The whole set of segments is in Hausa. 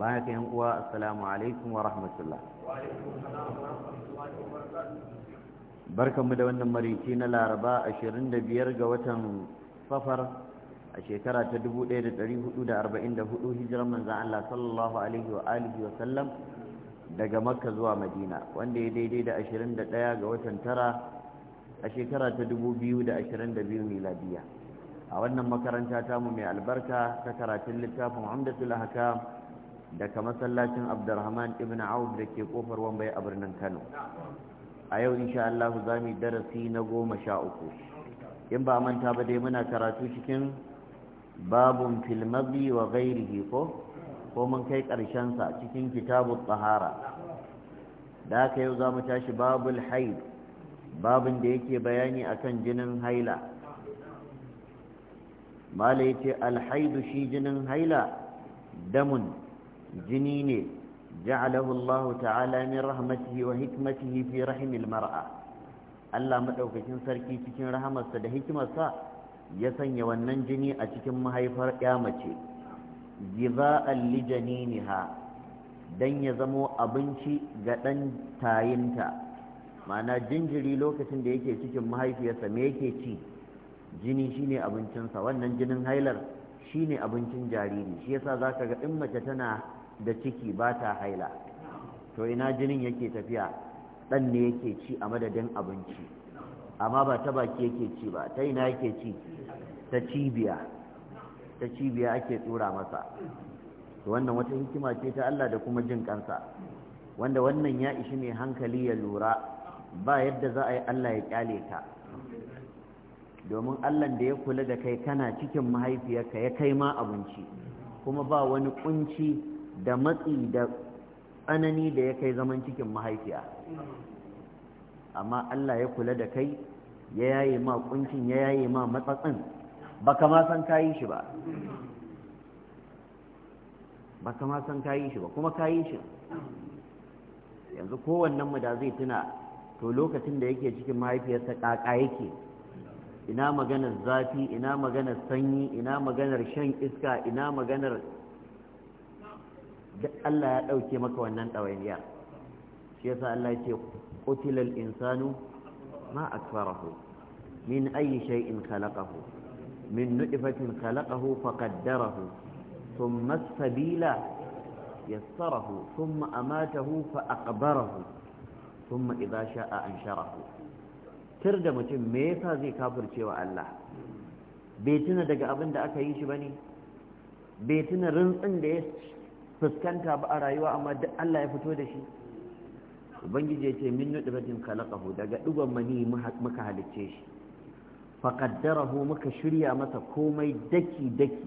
bayan ka yan uwa assalamu alaikum wa rahmatullah barkanmu da wannan marici na laraba 25 ga watan safar a shekara ta 1444 hijirar manzan Allah sallallahu alaihi wa alihi wa sallam daga makka zuwa madina wanda ya daidai da 21 ga watan tara a shekara ta 2022 miladiya a wannan makaranta tamu mai albarka ta karatun littafin hamdatul hakam daga masallacin abdurrahman ibn auf da ke kofar wambai a birnin kano a yau insha Allah za mu darasi na goma sha uku in ba manta ba dai muna karatu cikin babun filmabi wa gairihi ko ko mun kai karshensa cikin kitabu tsahara da aka yau za mu tashi babul haid babin da yake bayani akan jinin haila mala ya ce alhaidu shi jinin haila damun jini ne ja'alahu Allah ta'ala min rahmatihi wa hikmatihi fi rahimil mar'a Allah madaukakin sarki cikin rahamarsa da hikimarsa ya sanya wannan jini a cikin mahaifar ya mace giza'an li janiniha dan ya zamo abinci ga dan tayinta ma'ana jinjiri lokacin da yake cikin mahaifiyarsa me yake ci jini shine abincinsa wannan jinin hailar shine abincin jariri shi yasa zaka ga in mace tana da ciki ba ta haila to ina jinin yake tafiya ɗan ne yake ci a madadin abinci amma ba ta baki yake ci ba ta ina yake ci ta cibiya ta cibiya ake tsura masa wannan wata hikima ce ta Allah da kuma jin kansa wanda wannan ya ishi mai hankali ya lura ba yadda za a yi Allah ya kyale ka domin Allah da ya kula da kai kana cikin mahaifiyarka ya kai ma abinci kuma ba wani kunci da matsi da tsanani da ya kai zaman cikin mahaifiya amma Allah ya kula da kai ya yaye ma kuncin ya yaye ma matsatsin baka ma san kayi shi ba baka ma san kayi shi ba kuma kayi shi yanzu kowannen mu da zai tuna to lokacin da yake cikin mahaifiyarsa kaka yake ina maganar zafi ina maganar sanyi ina maganar shan iska ina maganar duk Allah ya ɗauke maka wannan ɗawainiyar shi yasa Allah ce qutilal insanu ma a akfarahu min ayi shay'in khalaqahu min nutfatin khalaqahu faqaddarahu thumma as-sabila yassarahu thumma amatahu fa aqbarahu thumma idha sha'a ansharahu tir da mutum me yasa zai kafircewa Allah bai tuna daga abin da aka yi shi bane bai tuna rintsin da ya fuskanta ba a rayuwa amma duk Allah ya fito da shi ubangiji ya ce min batin khalaqahu daga digon mani muka halicce shi faqaddarahu muka shirya masa komai daki daki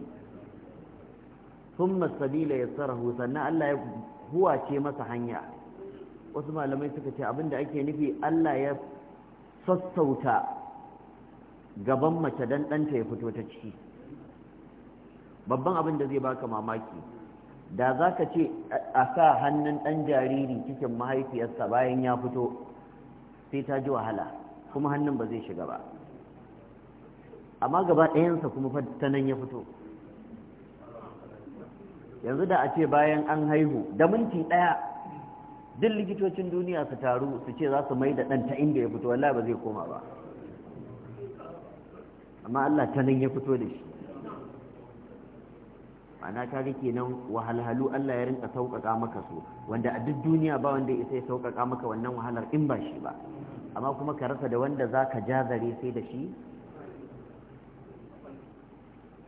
thumma sabila yassarahu sannan Allah ya huwace masa hanya wasu malamai suka ce abinda ake nufi Allah ya sassauta gaban mace dan ɗanta ya fito ta ciki babban abin da zai baka mamaki da za ka ce a sa hannun ɗan jariri cikin mahaifiyarsa bayan ya fito sai ta ji wahala kuma hannun ba zai shiga ba amma gaba ɗayansa kuma ta nan ya fito yanzu da a ce bayan an haihu da minti ɗaya duk likitocin duniya su taru su ce za su mai da ɗan ta inda ya fito wallahi ba zai koma ba amma Allah ta nan ya fito da shi ma'ana ta ga kenan wahalhalu Allah ya rinka sauƙaƙa maka su wanda a duk duniya ba wanda ya sauƙaƙa maka wannan wahalar in ba shi ba amma kuma ka rasa da wanda za ka jazare sai da shi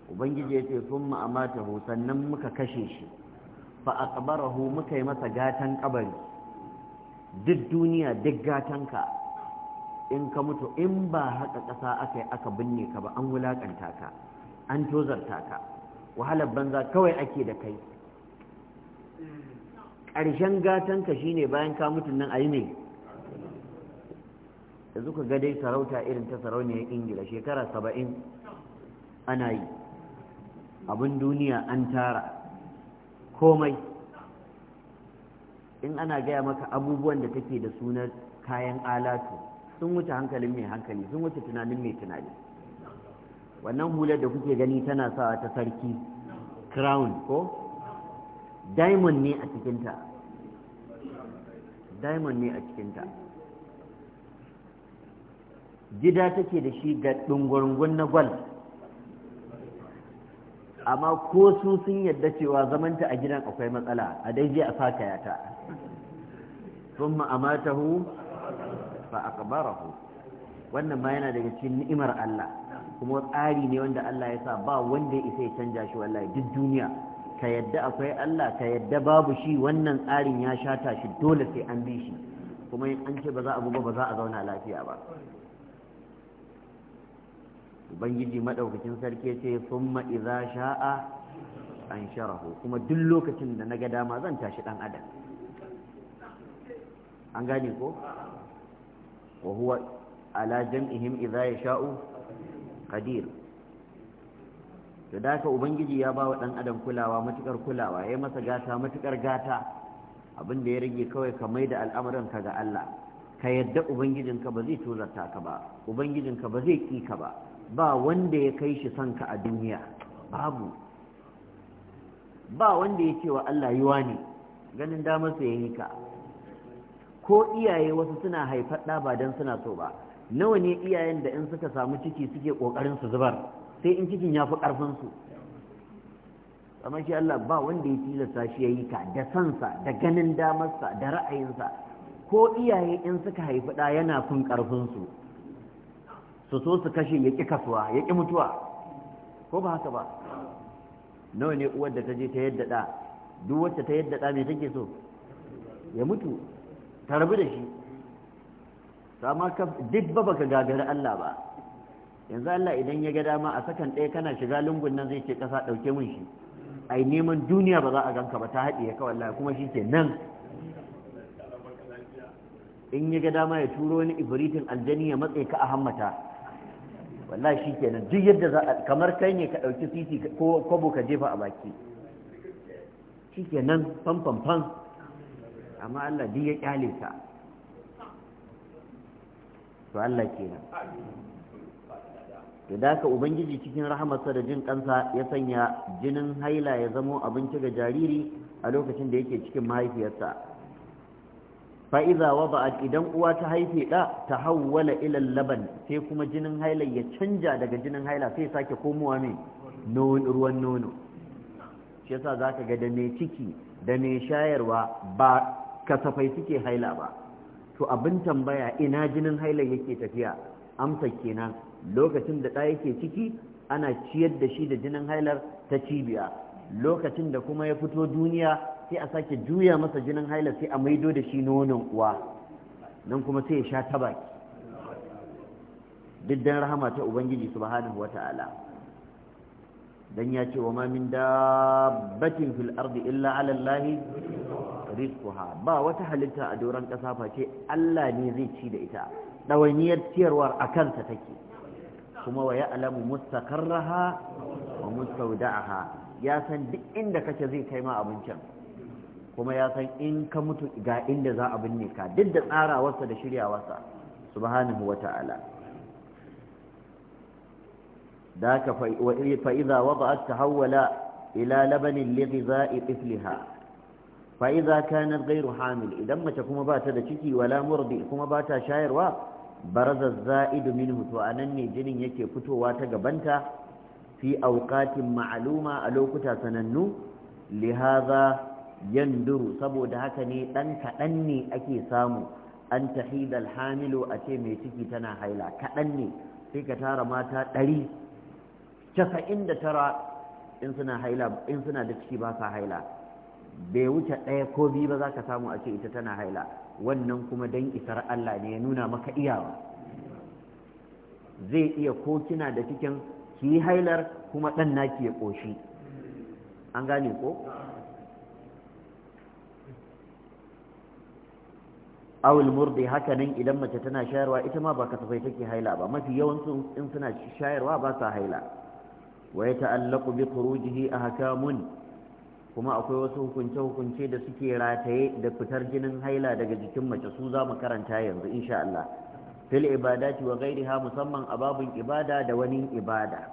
ubangiji ya ce sun ma'amatahu sannan muka kashe shi fa aqbarahu muka yi masa gatan kabari duk duniya duk gatanka in ka mutu in ba haka ƙasa aka yi aka binne ka ba an wulaƙanta ka an tozarta ka wahalar banza kawai ake da kai ƙarshen gatanka shine bayan ka mutu nan a yi ne da suka ga dai sarauta irin ta sarauniyar ingila shekara saba'in ana yi abin duniya an tara komai in ana gaya maka abubuwan da take da sunar kayan alatu sun wuce hankalin mai hankali sun wuce tunanin mai tunani wannan hular da kuke gani tana sawa ta sarki crown ko diamond ne a cikinta diamond ne a cikinta gida take da shi ga ɗungurungun na gwal amma ko su sun yadda cewa zamanta a gidan akwai matsala a dai je a saka ya ta sun ma'amatahu fa akbarahu wannan ma yana daga cikin ni'imar Allah kuma tsari ne wanda Allah ya sa ba wanda ya isa ya canja shi wallahi duk duniya ka yadda akwai Allah ka yadda babu shi wannan tsarin ya shata shi dole sai an bi shi kuma in an ce ba za a buga ba za a zauna lafiya ba ubangiji madaukakin sarki ce summa idza sha'a an sharahu kuma duk lokacin da na ga dama zan tashi dan adam an gane ko wa huwa ala jam'ihim idza yasha'u qadir to da ka ubangiji ya bawa wa ɗan adam kulawa matukar kulawa ya masa gata matukar gata abin da ya rage kawai ka mai da al'amuran ka ga Allah ka yadda ubangijinka ba zai tozarta ka ba ubangijinka ba zai ƙi ka ba ba wanda ya kai shi son ka a duniya babu ba wanda ya ce wa Allah yiwa ne ganin damar sa yayi ka ko iyaye wasu suna haifar ɗa ba don suna so ba nawa ne iyayen da in suka samu ciki suke kokarin su zubar sai in cikin ya fi karfin su amma shi Allah ba wanda ya tilasta shi yayi ka da sansa da ganin damarsa da ra'ayinsa ko iyaye in suka haifi ɗa yana kun karfin su su so su kashe ya ƙi kasuwa ya ƙi mutuwa ko ba haka ba nawa ne uwar da ta je ta yadda ɗa duk wacce ta yadda ɗa mai take so ya mutu ta rabu da shi sama ka duk ba baka gagari Allah ba yanzu Allah idan ya ga dama a sakan ɗaya kana shiga lungun nan zai ce kasa ɗauke mun shi ai neman duniya ba za a ganka ba ta haɗiye ka wallahi kuma shi ke nan in ya ga dama ya turo wani ibritin aljani ya matse ka a hammata wallahi shi ke nan duk yadda za a kamar kai ne ka ɗauki titi ko kwabo ka jefa a baki shi ke nan fan amma Allah duk ya ƙyale ta to Allah kenan to da ka ubangiji cikin rahamarsa da jin kansa ya sanya jinin haila ya zamo abinci ga jariri a lokacin da yake cikin mahaifiyarsa fa'iza wada'at idan uwa ta haife da ta hawwala ila laban sai kuma jinin haila ya canja daga jinin haila sai sake komowa ne ruwan nono shi yasa zaka ga da mai ciki da mai shayarwa ba kasafai suke haila ba to abin tambaya ina jinin hailan yake tafiya amsa kenan lokacin da ɗa yake ciki ana ciyar da shi da jinin hailar ta cibiya lokacin da kuma ya fito duniya sai a sake juya masa jinin hailar sai a maido da shi nonon uwa nan kuma sai ya sha ta baki duk dan rahama ta ubangiji subhanahu ta'ala. dan ya ce wa ma min dabbatin fil ardi illa ala allahi rizquha ba wata halitta a doron ƙasa face Allah ne zai ci da ita dawainiyar ciyarwar a kansa take kuma wa alamu mustaqarraha wa mustawda'aha ya san duk inda kake zai kai ma abincin kuma ya san in ka mutu ga inda za a binne ka duk da tsarawarsa da shiryawarsa subhanahu wata'ala da haka fa iza wada'at tahawwala ila labanin li ghiza'i fa'iza kanar gairu hamil idan mace kuma ba ta da ciki wala murdi kuma ba ta shayarwa baraza za'idu minhu a nan ne jinin yake fitowa ta gabanta fi awqatin ma'aluma a lokuta sanannu lihaza yanduru saboda haka ne ɗan kadan ne ake samu an tahidal hamilu a ce mai ciki tana haila kadan ne sai ka tara mata ɗari casa'in da tara in suna in suna da ciki ba sa haila bai wuce ɗaya ko biyu ba za ka samu a ce ita tana haila wannan kuma dan isar Allah ne ya nuna maka iyawa zai iya ko kina da cikin ki hailar kuma ɗan naki ya ƙoshi an gane ko awul murdi haka nan idan mace tana shayarwa ita ma ba kasafai take haila ba mafi yawansu in suna shayarwa ba sa haila wa ya ta'allaku bi khurujihi ahkamun kuma akwai wasu hukunce-hukunce da suke rataye da fitar jinin haila daga jikin mace su za mu karanta yanzu insha Allah fil ibadati wa ghairiha musamman a babun ibada da wani ibada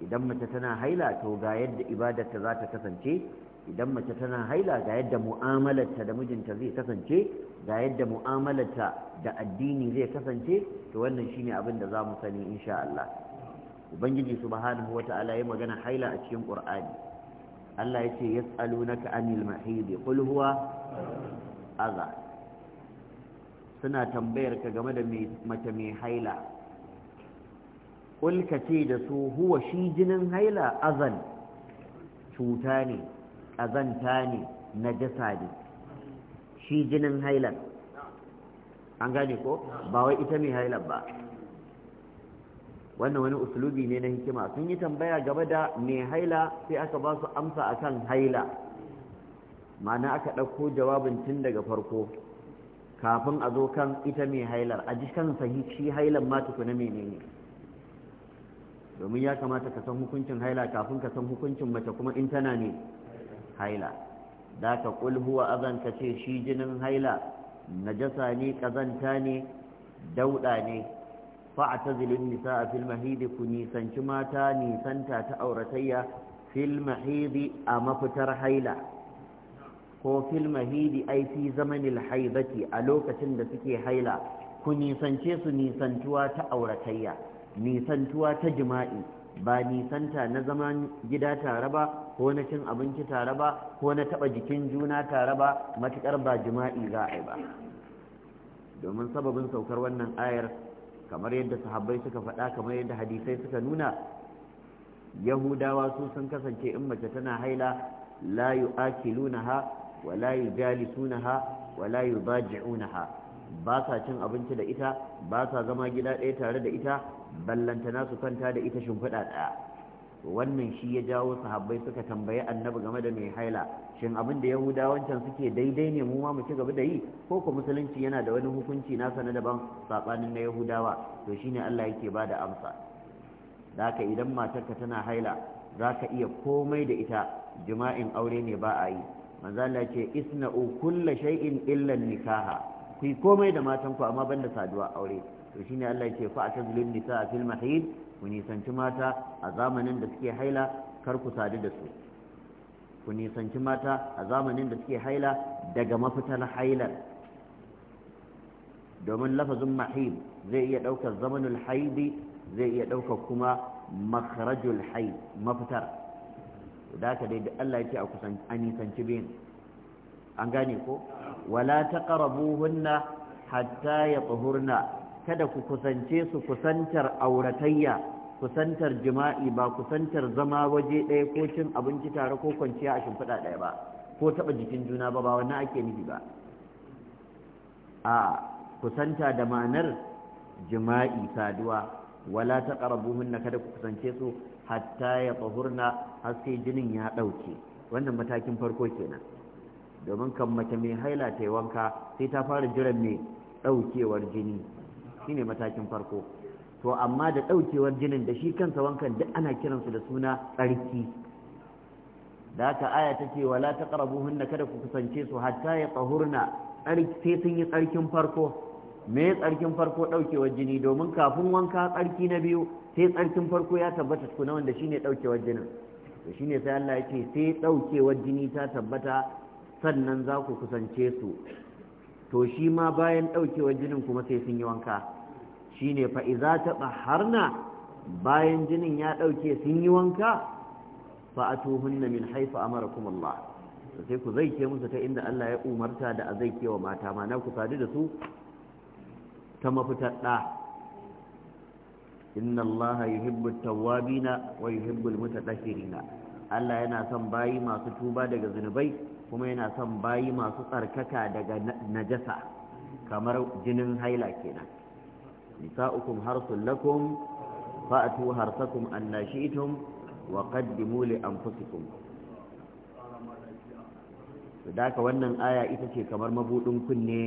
idan mace tana haila to ga yadda ibadarta za ta kasance idan mace tana haila ga yadda mu'amalarta da mijinta zai kasance ga yadda mu'amalarta da addini zai kasance to wannan shine abin da za mu sani insha Allah ubangiji subhanahu wata'ala ya magana haila a cikin qur'ani Allah ya ce yas'alunaka anil mahidi qul huwa suna tambayar ka game da mace mai haila qul kace da su huwa shi jinin haila azan cuta ne azanta ne najasa ne shi jinin hailan an gane ko ba wai ita mai hailan ba wannan wani usulubi ne na hikima sun yi tambaya gaba da me haila sai aka ba su amsa a kan haila ma'ana aka ɗauko jawabin tun daga farko kafin a zo kan ita mai hailar a jikan shi hailar ma tukuna menene domin ya kamata ka san hukuncin haila kafin ka san hukuncin mace kuma in tana ne haila da ka kul huwa azan ka ce shi jinin haila najasa ne kazanta ne dauɗa ne nisa a fil mahidi ku nisanci mata nisanta ta auratayya fil mahidi a mafitar haila ko fil mahidi ai fi zamanil a lokacin da suke haila ku nisance su nisantuwa ta auratayya nisantuwa ta jima'i ba nisanta na zaman gida tare ba ko na cin abinci tare ba ko na taba jikin juna tare ba matukar ba jima'i za a yi ba domin sababin saukar wannan ayar kamar yadda sahabbai suka faɗa kamar yadda hadisai suka nuna yahudawa su sun kasance in mace tana haila la yu'akilunaha wa la yujalisunaha wa la yudaji'unaha ba sa cin abinci da ita ba sa zama gida ɗaya tare da ita ballantana su kwanta da ita shimfiɗa ɗaya wannan shi ya jawo sahabbai suka tambayi annabi game da mai haila shin abin da yahudawancan suke daidai ne mu ma mu ci gaba da yi ko ko musulunci yana da wani hukunci nasa na daban sabanin na yahudawa to shine Allah yake bada amsa zaka idan matarka tana haila zaka iya komai da ita jima'in aure ne ba a yi manzo Allah ce isna'u kullu shay'in illa nikaha ku komai da matanku amma banda saduwa aure to shine Allah yake fa atazilun nisaa fil mahid ku nisanci mata a zamanin da suke haila kar ku sadu da su ku nisanci mata a zamanin da suke haila daga mafitar hailar domin lafazin mahim zai iya ɗaukar zamanul haidi zai iya ɗaukar kuma makarajul haid mafitar da ka dai Allah ya ce a nisanci biyan an gane ko wala ta hatta ya tsohurna kada ku kusance su kusantar auratayya kusantar jima'i ba kusantar zama waje ɗaya ko cin abinci tare ko kwanciya a shimfiɗa ɗaya ba ko taɓa jikin juna ba ba wannan ake nufi ba a kusanta da ma'anar jima'i saduwa wala ta na kada ku kusance su hatta ya tsohurna har jinin ya ɗauke wannan matakin farko kenan domin kan mace mai haila ta yi wanka sai ta fara jiran mai ɗaukewar jini ne matakin farko to amma da ɗaukewar jinin da shi kansa wankan duk ana kiransu da suna tsarki da haka aya ta ce wala ta ƙarabuhunna kada ku kusance su hatta ya tsahurna sai sun yi tsarkin farko me tsarkin farko ɗaukewar jini domin kafin wanka tsarki na biyu sai tsarkin farko ya tabbata na wanda shine ɗaukewar jinin to shine sai Allah ya ce sai ɗaukewar jini ta tabbata sannan za ku kusance su to shi ma bayan ɗaukewar jinin kuma sai sun yi wanka Shi ne Fa'iza ta baharna bayan jinin ya ɗauke sun yi wanka fa na min haifa kuma Allah sai ku zai ke musu ta inda Allah ya umarta da zai ke wa mata mana ku sadu da su ta mafitar ɗa inna Allah hibbul tawabi na wa yuhibbu ɗafiri na Allah yana son bayi masu tuba daga zunubai kuma yana son bayi masu tsarkaka daga najasa kamar jinin haila kenan nisa'ukum harsun lakum fa'atu harsakum anna shi'tum wa qaddimu li anfusikum sadaka wannan aya ita ce kamar mabuɗin kunne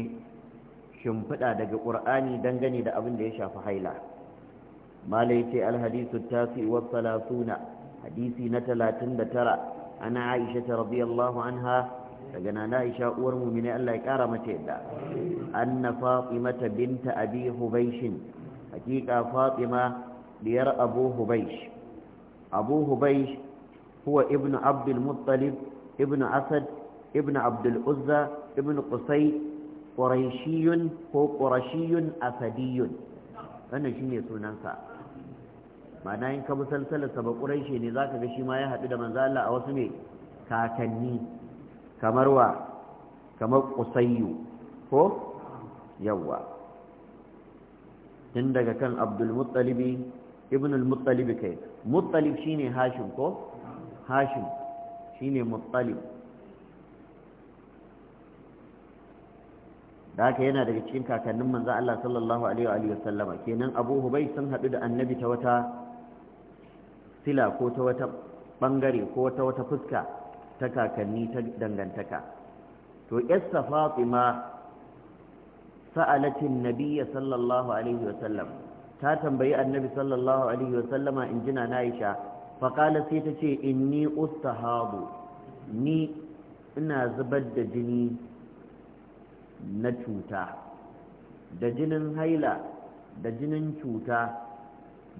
shimfiɗa daga ƙur'ani dangane da abin da ya shafi haila malai ce alhadisu tasi wa salasuna hadisi na talatin da tara ana aisha radiyallahu anha daga nana Aisha uwar mu'mini Allah ya kara mata yadda anna Fatimata binta Abi Hubaishin. hakika Fatima diyar Abu Hubaysh Abu Hubaysh huwa ibnu Abdul Muttalib ibnu Asad ibnu Abdul Uzza ibnu Qusay Qurayshiyun ko Qurashiyun Asadiyun wannan shine sunansa ma'ana in ka bi salsalarsa ba Quraishi ne zaka ga shi ma ya haɗu da manzo Allah a wasu ne kakanni kamar wa kamar qusayyu ko yawa tun daga kan abdul muttalibi ibn al muttalib kai muttalib shine hashim ko hashim shine muttalib da haka yana daga cikin kakannin manzo Allah sallallahu alaihi wa sallama kenan Abu Hubay sun hadu da Annabi ta wata sila ko ta wata ɓangare ko ta wata fuska ta kakanni ta dangantaka to yassa fatima sa'alatin nabiyya sallallahu alaihi wa sallam ta tambayi annabi sallallahu alaihi wa sallama in na aisha faƙala sai ta ce ni ustahabu ni ina zubar da jini na cuta da jinin haila da jinin cuta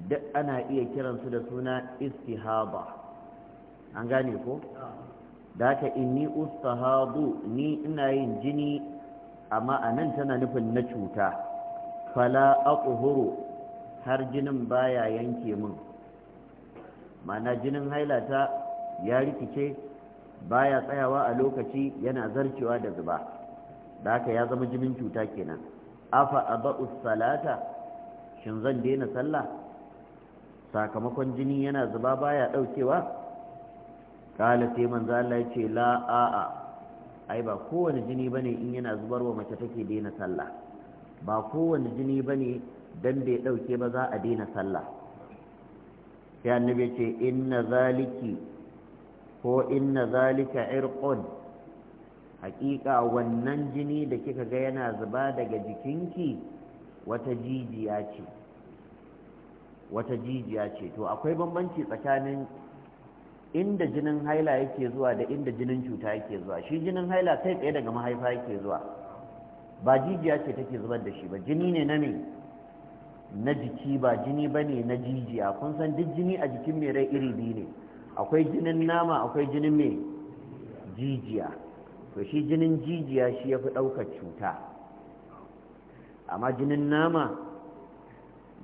duk ana iya kiransu da suna istihaba an gane ko? da haka inni ustahadu ni ina yin jini amma a nan tana nufin na cuta fala aquhuru har jinin baya yanke min mana jinin hailata ya rikice baya tsayawa a lokaci yana zarcewa da zuba da haka ya zama jinin cuta kenan afa Aba salata shin zan daina sallah sakamakon jini yana zuba baya daukewa kala sai manzo Allah ya ce la a'a ai ba kowane jini bane in yana zubarwa mace take daina sallah ba kowane jini bane dan bai dauke ba za a daina sallah sai annabi ce inna zaliki ko inna zalika irqun hakika wannan jini da kika ga yana zuba daga jikinki wata jijiya ce wata jijiya ce to akwai bambanci tsakanin inda jinin haila yake zuwa da inda jinin cuta yake zuwa shi jinin haila kai tsaye daga mahaifa yake zuwa ba jijiya ce take zubar da shi ba jini ne na me na jiki ba jini ba ne na jijiya kun san duk jini a jikin mai rai iri biyu ne akwai jinin nama akwai jinin mai jijiya to shi jinin jijiya shi ya fi ɗaukar cuta amma jinin nama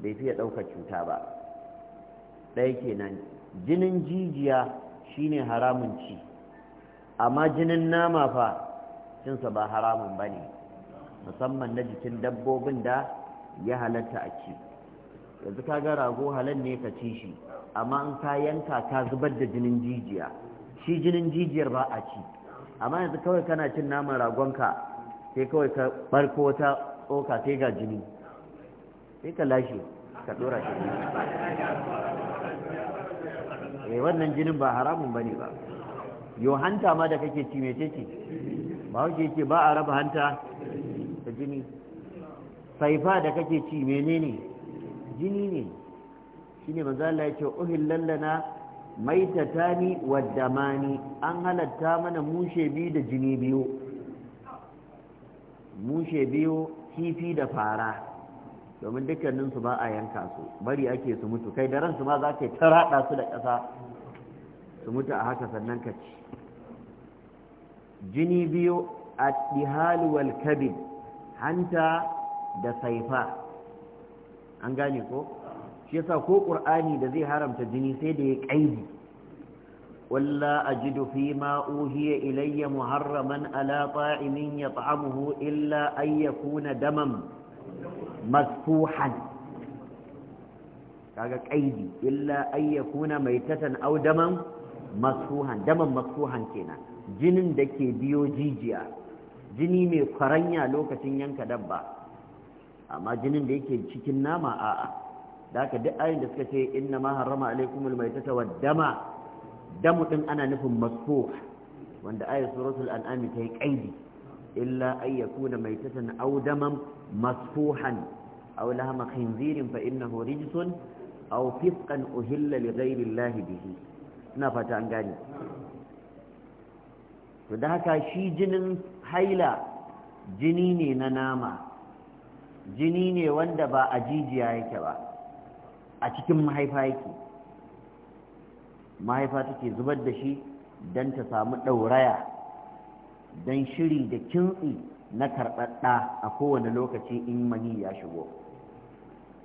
bai fiye ɗaukar cuta ba ɗaya kenan jinin jijiya shine haramun ci amma jinin nama fa cinsa ba haramun ba ne musamman na jikin dabbobin da ya halatta a ci yanzu ka ga rago halar ne ka ci shi amma in ka yanka ka zubar da jinin jijiya shi jinin jijiyar ba a ci amma yanzu kawai kana cin naman ragonka sai kawai ka barko wata tsoka sai ga jini sai ka lashe ka dora shi mai eh, wannan jinin ba haramun bane ba yau hanta ma da kake ci mece ce ba wuce ce ba a raba hanta da jini saifa da kake ci menene jini ne ya ce ohin yace mai ta maitatani wa damani an halatta mana mushe biyu da jini biyu mushe biyu kifi da fara domin dukkanin su ba a yanka su bari ake su mutu kai da ransu ma za ka ta rada su da ƙasa su mutu a haka sannan ka ci jini biyu a dihalu wal hanta da saifa an gane ko shi yasa ko qur'ani da zai haramta jini sai da ya kaidi ولا أجد فيما أوهي إلي محرما على طاعم يطعمه إلا أن يكون دما masfuhan kaga qaidi illa ay yakuna maitatan aw daman masfuhan daman masfuhan kenan jinin da ke biyo jijiya jini mai kwaranya lokacin yanka dabba amma jinin da yake cikin nama a'a da duk ayin da suka ce inna ma harrama alaikumul maitata wad dama damu din ana nufin masfuh wanda ayat suratul an'ami ta yi qaidi illa ay yakuna maytatan aw daman masfuhan aw lahma khinzirin fa innahu rijsun aw fisqan uhilla li ghayri Allah bihi ina fata an gane to da haka shi jinin haila jini ne na nama jini ne wanda ba a jijiya yake ba a cikin mahaifa yake mahaifa take zubar da shi don ta samu ɗauraya don shiri da kintsi na karɓaɗɗa a kowane lokaci in mani ya shigo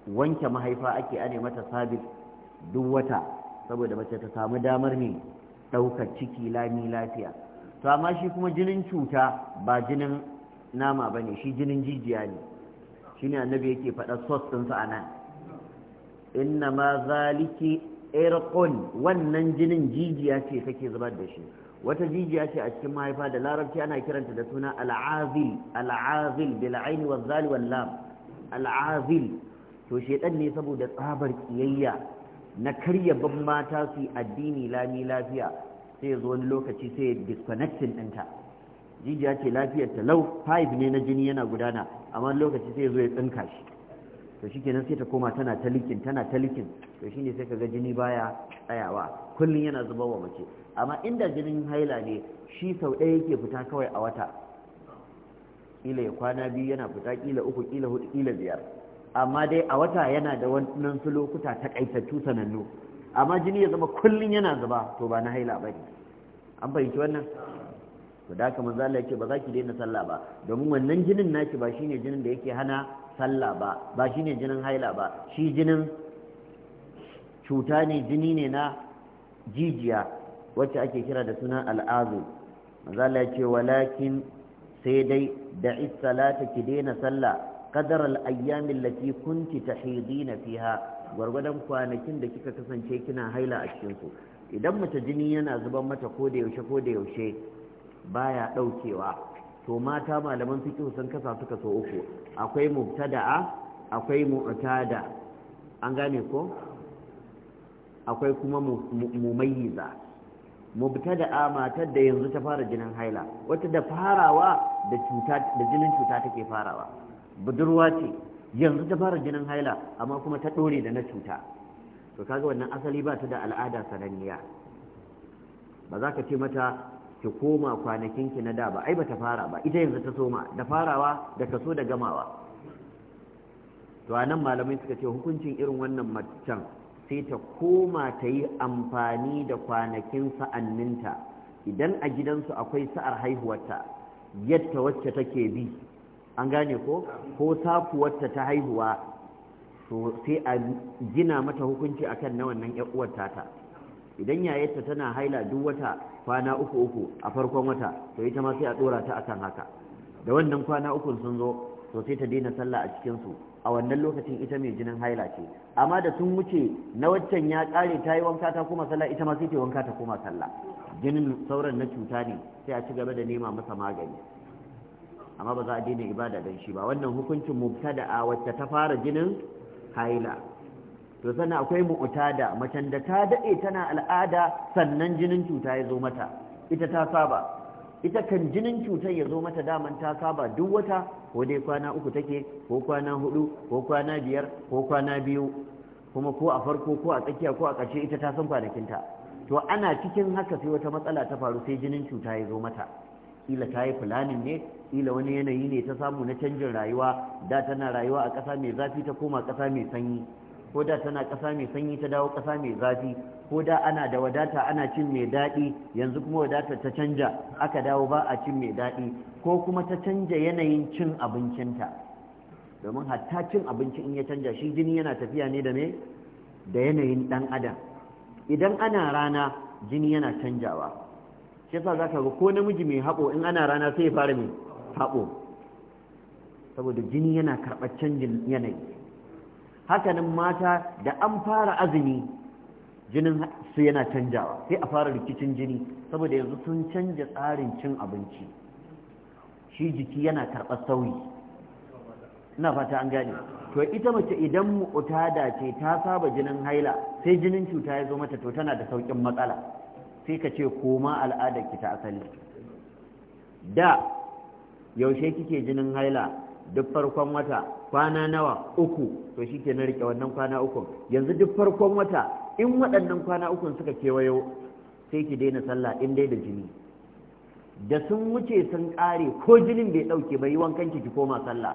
wanke mahaifa ake ane mata sabis duk wata saboda mace ta samu damar ne ɗaukar ciki lami lafiya to amma shi kuma jinin cuta ba jinin nama ba ne shi jinin jijiya ne shi ne annabi yake faɗa sos ɗinsa a nan inna ma zaliki irqun wannan jinin jijiya ce take zubar da shi wata jijiya ce a cikin mahaifa da larabci ana kiranta da suna al'azil al'azil bil aini wal zal wal lam al'azil to shedan ne saboda tsabar kiyayya na karya ban mata su addini lami lafiya sai zo wani lokaci sai disconnecting ɗinta jijiya ce lafiyar ta lau pipe ne na jini yana gudana amma lokaci sai zo ya tsinka shi to shikenan sai ta koma tana ta likin tana ta likin to shine sai kaga jini baya tsayawa kullum yana zuba wa mace amma inda jinin haila ne shi sau ɗaya yake fita kawai a wata ila ya kwana biyu yana fita ƙila uku ƙila hudu ƙila biyar amma dai a wata yana da wannan su lokuta ta ƙaitattu sanannu amma jini ya zama kullum yana zuba to ba na haila ba ne an fahimci wannan to da kamar manzo yake ba za ki daina sallah ba domin wannan jinin naki ba shine jinin da yake hana sallah ba ba shine jinin haila ba shi jinin cuta ne jini ne na jijiya wacce ake kira da sunan al'azu manzala ya ce walakin sai dai da salata ki daina sallah qadar al kun lati kunti na fiha gwargwadon kwanakin da kika kasance kina haila a cikinku idan mace jini yana zuban mata ko da yaushe ko da yaushe baya daukewa to mata malaman fiqh sun kasa suka so uku akwai mubtada'a akwai mu'tada an gane ko akwai kuma mumayyiza mubtada'a matar da yanzu ta fara jinin haila wata da farawa da cuta da jinin cuta take farawa budurwa ce yanzu ta fara jinin haila amma kuma ta dore da na cuta to kaga wannan asali ba ta da al'ada sananniya ba za ka ce mata ki koma kwanakin ki na da ba ai ba ta fara ba ita yanzu ta soma da farawa da kaso da gamawa to anan malamai suka ce hukuncin irin wannan macen sai ta koma ta yi amfani da kwanakin sa'anninta idan a gidansu akwai sa'ar haihuwarta yadda wacce take bi an gane ko ko sakuwarta ta haihuwa sai a gina mata hukunci akan na wannan uwar tata idan yayarta tana haila duk wata kwana uku uku a farkon wata to ita ma sai a dora ta akan haka da wannan kwana uku sun zo to sai ta daina sallah a cikinsu a wannan lokacin ita mai jinin haila ce amma da sun wuce na waccan ya kare ta yi wanka ta koma sallah ita ma sai ta wanka ta koma sallah jinin sauran na cuta ne sai a ci gaba da nema masa magani amma ba za a daina ibada don shi ba wannan hukuncin a wacce ta fara jinin haila to sannan akwai mu'tada macen da ta dade tana al'ada sannan jinin cuta ya zo mata ita ta saba ita kan jinin cutar ya zo mata daman ta saba duk wata ko dai kwana uku take ko kwana hudu ko kwana biyar ko kwana biyu kuma ko a farko ko a tsakiya ko a ƙarshe ita ta san ta. to ana cikin haka sai wata matsala ta faru sai jinin cuta ya zo mata ila ta yi fulanin ne kila wani yanayi ne ta samu na canjin rayuwa da tana rayuwa a ƙasa mai zafi ta koma ƙasa mai sanyi ko da tana ƙasa mai sanyi ta dawo ƙasa mai zafi ko da ana da wadata ana cin mai daɗi yanzu kuma wadata ta canja aka dawo ba a cin mai daɗi ko kuma ta canja yanayin cin abincinta domin hatta cin abinci in ya canja shi jini yana tafiya ne da me da yanayin ɗan adam idan ana rana jini yana canjawa shi yasa za ka ga ko namiji mai haɓo in ana rana sai ya fara mai haɓo saboda jini yana karɓar canjin yanayi hakanan mata da an fara azumi jinin su yana canjawa sai a fara rikicin jini saboda yanzu sun canja tsarin cin abinci shi jiki yana karɓar sauyi ina fata an gane to ita mace idan da ce ta saba jinin haila sai jinin cuta ya zo mata to tana da sauƙin matsala sai ka ce koma al'adar ki ta asali da yaushe kike jinin haila duk farkon wata kwana nawa uku to shi ke na rike wannan kwana uku yanzu duk farkon wata in waɗannan kwana uku suka kewayo sai ki daina sallah in dai da jini da sun wuce sun ƙare ko jinin bai ɗauke ba yi wankan ki koma sallah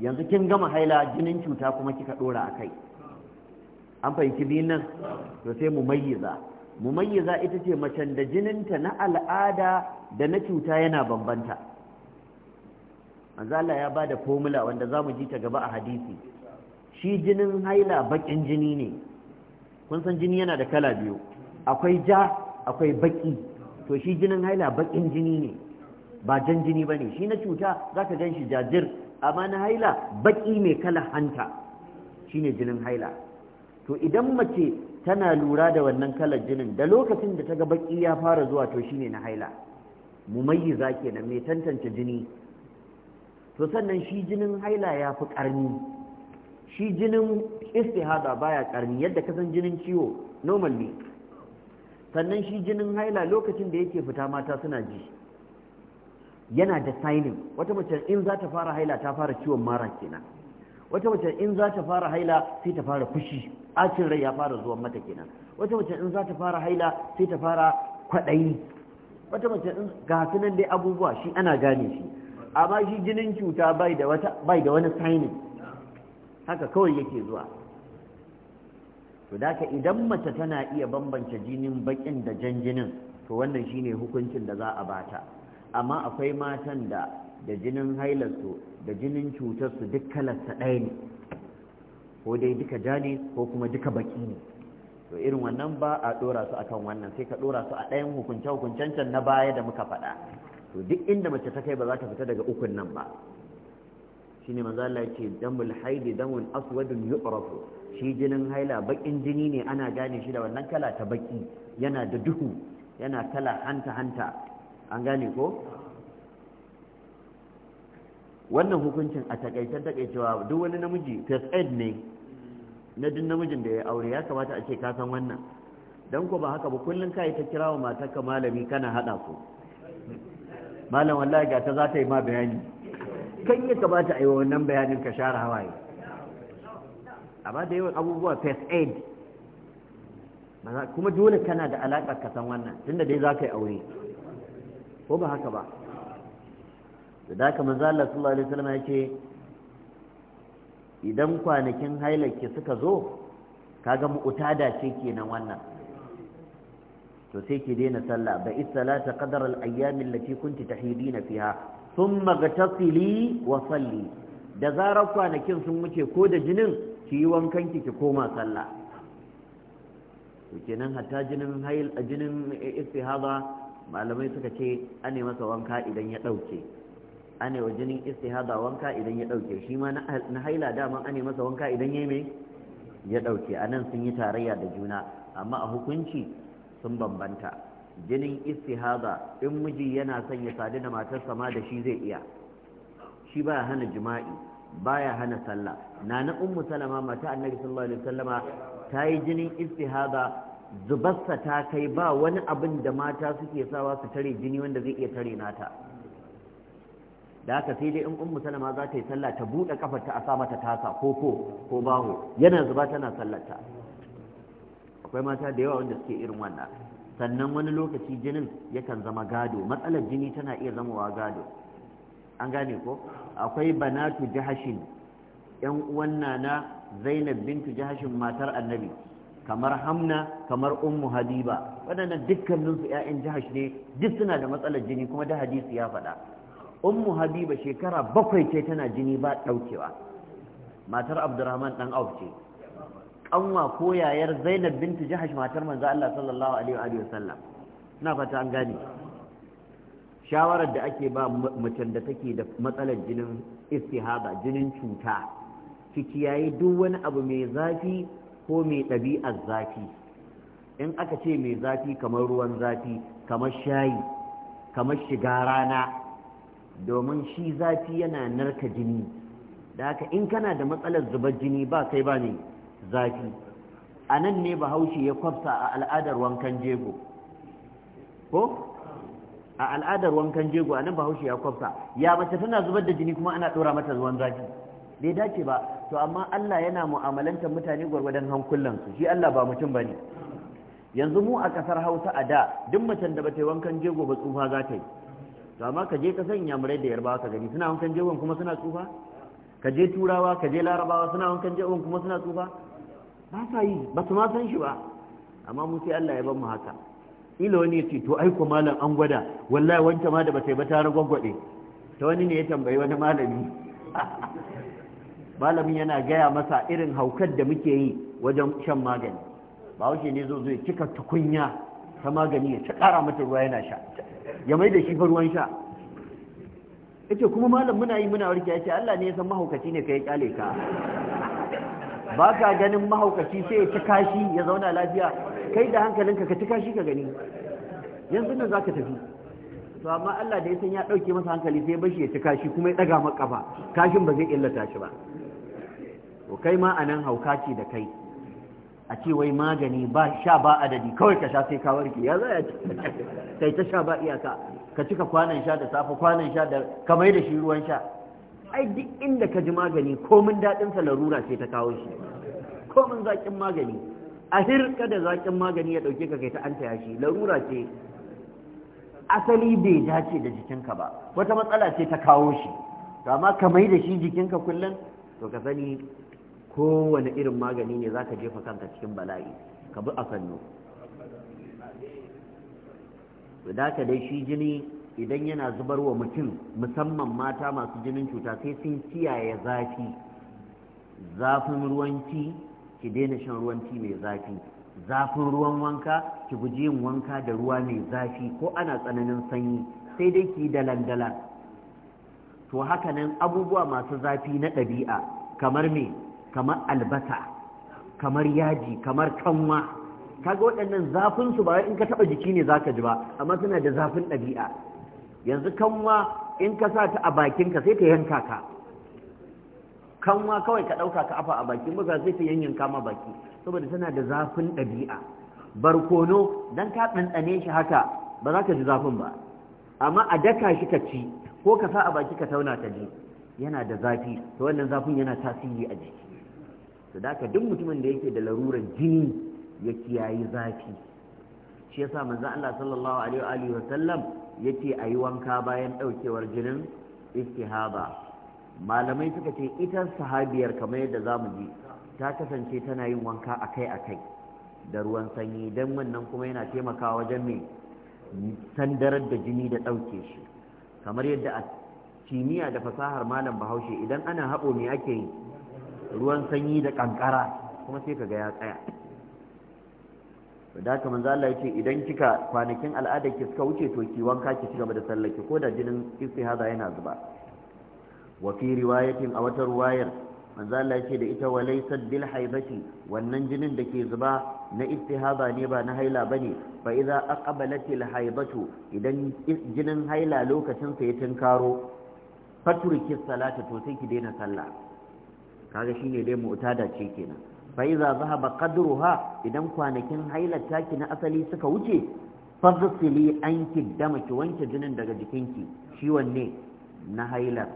yanzu kin gama haila jinin cuta kuma kika ɗora a kai an fahimci biyun nan to sai mu mayyiza mu mayyiza ita ce macen da jininta na al'ada da na cuta yana bambanta manzo Allah ya bada formula wanda zamu ji ta gaba a hadisi shi jinin haila bakin jini ne kun san jini yana da kala biyu akwai ja akwai baki to shi jinin haila bakin jini ne ba jan jini ba ne shi na cuta za ka gan shi jajir amma na haila baki mai kala hanta shi ne jinin haila to idan mace tana lura da wannan kalar jinin da lokacin da ta ga baki ya fara zuwa to shine na haila mumayyiza kenan mai tantance jini to sannan shi jinin haila ya fi ƙarni shi jinin istihada baya karni yadda ka san jinin ciwo normal sannan shi jinin haila lokacin da yake fita mata suna ji yana da signing wata mace in za ta fara haila ta fara ciwon mara kenan wata mace in za ta fara haila sai ta fara fushi acin rai ya fara zuwa mata kenan wata mace in za ta fara haila sai ta fara kwaɗayi wata mace in ga sunan dai abubuwa shi ana gane shi amma shi jinin cuta bai da wani signing haka kawai yake zuwa to daka idan mace tana iya bambance jinin bakin da jan jinin to wannan shine hukuncin da za a bata amma akwai matan da da jinin hailarsu da jinin cutarsu duk kalarsa ɗaya ne ko dai duka ja ne ko kuma duka baki ne to irin wannan ba a ɗora su akan wannan sai ka ɗora su a ɗayan hukunce hukuncen can na baya da muka faɗa to duk inda mace ta kai ba za ta fita daga ukun nan ba shine manzo Allah yake damul haidi damun aswadun yuqrafu shi jinin haila bakin jini ne ana gane shi da wannan kala ta baki yana da duhu yana kala hanta hanta an gane ko wannan hukuncin a takaitar takaicewa duk wani namiji first aid ne na duk namijin da ya aure ya kamata a ce ka san wannan dan ko ba haka ba kullun kai ta kirawo matarka malami kana hada ko. malam wallahi ga ta za ta yi ma bayani Kan ya kamata a yi wannan bayanin ka share hawaye amma da yawan abubuwa first aid kuma dole kana da alaƙar ka san wannan da dai za ka yi aure ko ba haka ba da daga haka manzo sallallahu ya ce idan kwanakin hailarki suka zo kaga da ce kenan wannan to sai ki daina sallah ba is salata qadar al ayyam allati kunti tahidina fiha thumma ghtasili wa salli da zarar kwanakin sun wuce ko da jinin ki yi wankan ki ki koma sallah to kenan hatta jinin hayil a jinin haza, malamai suka ce ane masa wanka idan ya dauke ane wa jinin haza wanka idan ya dauke shi ma na haila dama ane masa wanka idan ya mai ya dauke anan sun yi tarayya da juna amma a hukunci sun bambanta jinin istihaza in miji yana son ya sadu da matarsa ma da shi zai iya shi baya hana jima'i baya hana sallah na na ummu salama mata annabi sallallahu alaihi wasallama ta yi jinin istihaza zubarsa ta kai ba wani abin da mata suke sawa su tare jini wanda zai iya tare nata da haka sai dai in ummu salama za ta yi sallah ta buɗe ta a sa mata tasa ko ko ko baho yana zuba tana sallarta akwai mata da yawa wanda suke irin wannan sannan wani lokaci jinin yakan zama gado matsalar jini tana iya zama wa gado an gane ko akwai banatu jahashin yan uwan nana zainab bintu jahashin matar annabi kamar hamna kamar ummu habiba waɗannan dukkaninsu 'ya'yan jahash ne duk suna da matsalar jini kuma da hadisi ya faɗa ummu habiba shekara bakwai ce tana jini ba ɗaukewa matar abdurrahman ɗan auf ce anwa ko yayar Zainab binti Jahash matar manzo Allah sallallahu alaihi wa sallam ina fata an gane shawarar da ake ba macen da take da matsalar jinin istihaba jinin cuta ki yayi duk wani abu mai zafi ko mai ɗabi'ar zafi in aka ce mai zafi kamar ruwan zafi kamar shayi kamar shiga rana domin shi zafi yana narka jini da haka in kana da matsalar zubar jini ba kai ba ne zafi a nan ne bahaushe ya kwafsa a al'adar wankan jego ko a al'adar wankan jego a nan bahaushe ya kwafsa ya mace tana zubar da jini kuma ana ɗora mata zuwan zafi bai dace ba to amma Allah yana mu'amalantar mutane gwargwadon hankulansu shi Allah ba mutum ba ne yanzu mu a ƙasar hausa a da duk macen da ba ta yi wankan jego ba tsufa za ta yi to amma ka je ka sanya murai da yarbawa ka gani suna wankan jegon kuma suna tsufa ka je turawa ka je larabawa suna wankan jegon kuma suna tsufa ba sa yi ba su ma san shi ba amma mu sai Allah ya ban mu haka ila wani ya ce to ai ko malam an gwada wallahi wancan ma da ba sai ba ta ragwagwade ta wani ne ya tambayi wani malami malamin yana gaya masa irin haukar da muke yi wajen shan magani ba wuce ne zo zai cika tukunya ta magani ya kara mata ruwa yana sha ya mai da shi fa ruwan sha ita kuma malam muna yi muna warke yace Allah ne ya san mahaukaci ne ka kai kyale ka ba ka ganin mahaukaci sai ya ci kashi ya zauna lafiya kai da hankalinka ka ci kashi ka gani yanzu nan za ka tafi to amma Allah da ya san ya ɗauke masa hankali sai bashi ya ci kashi kuma ya daga maka ba kashin ba zai illata shi ba to kai ma anan hauka ce da kai a ce wai magani ba sha ba adadi kawai ka sha sai ka warke ya za kai ta sha ba iyaka ka cika kwanan sha da safe kwanan sha da ka kamar da shi ruwan sha ai duk inda ka ji magani komin daɗinsa larura ce ta kawo shi komin zaƙin magani a hirka da zaƙin magani ya ɗauke ka kai ta anta yashi shi larura ce asali bai dace da jikinka ba wata matsala ce ta kawo shi to amma ka mai da shi jikinka kullum to ka sani kowane irin magani ne za ka jefa kanka cikin bala'i ka bi a sannu da dai shi jini idan yana zubar wa mutum musamman mata masu jinin cuta sai sun kiyaye zafi zafin ruwan ki daina shan ruwan ki mai zafi zafin ruwan wanka ki guji yin wanka da ruwa mai zafi ko ana tsananin sanyi sai dai ki dalan to haka nan abubuwa masu zafi na ɗabi'a kamar me kamar albasa kamar yaji kamar kanwa kaga waɗannan zafin su ba in ka taɓa jiki ne zaka ji ba amma suna da zafin ɗabi'a yanzu kanwa in ka sa ta a bakinka sai ta yanka ka kanwa kawai ka ɗauka ka afa a bakin maza sai ta yanyanka ma baki saboda tana da zafin ɗabi'a barkono dan ka ɗanɗane shi haka ba za ka ji zafin ba amma a daka shi ka ci ko ka sa a baki ka tauna ta ji yana da zafi to wannan zafin yana tasiri a jiki to da duk mutumin da yake da larurar jini ya kiyaye zafi shi yasa manzon Allah sallallahu alaihi wa yace ce a yi wanka bayan ɗaukewar jinin istihaba malamai suka ce ita sahabiyar kamar yadda za mu ji ta kasance tana yin wanka akai-akai da ruwan sanyi don wannan kuma yana taimakawa wajen mai sandarar da jini da ɗauke shi kamar yadda a kimiyya da fasahar malam bahaushe idan ana haɓo me ake yi ruwan sanyi da ƙanƙara kuma sai ka ga ya tsaya da haka manzo Allah yake idan kika kwanakin al'ada ki suka wuce to ki wanka ki cigaba da sallah ki ko da jinin istihaza yana zuba wa fi riwayatin a wata ruwayar manzo Allah yake da ita walaysa bil haibati wannan jinin da ke zuba na istihaza ne ba na haila bane fa idza aqbalatil haibatu idan jinin haila lokacin sa ya tinkaro faturki salata to sai ki daina sallah kaga shine dai mu'tada ce kenan fa iza zahaba qadruha idan kwanakin hailar taki na asali suka wuce fasili anki dama ki wanke jinin daga jikinki shi wanne na hailar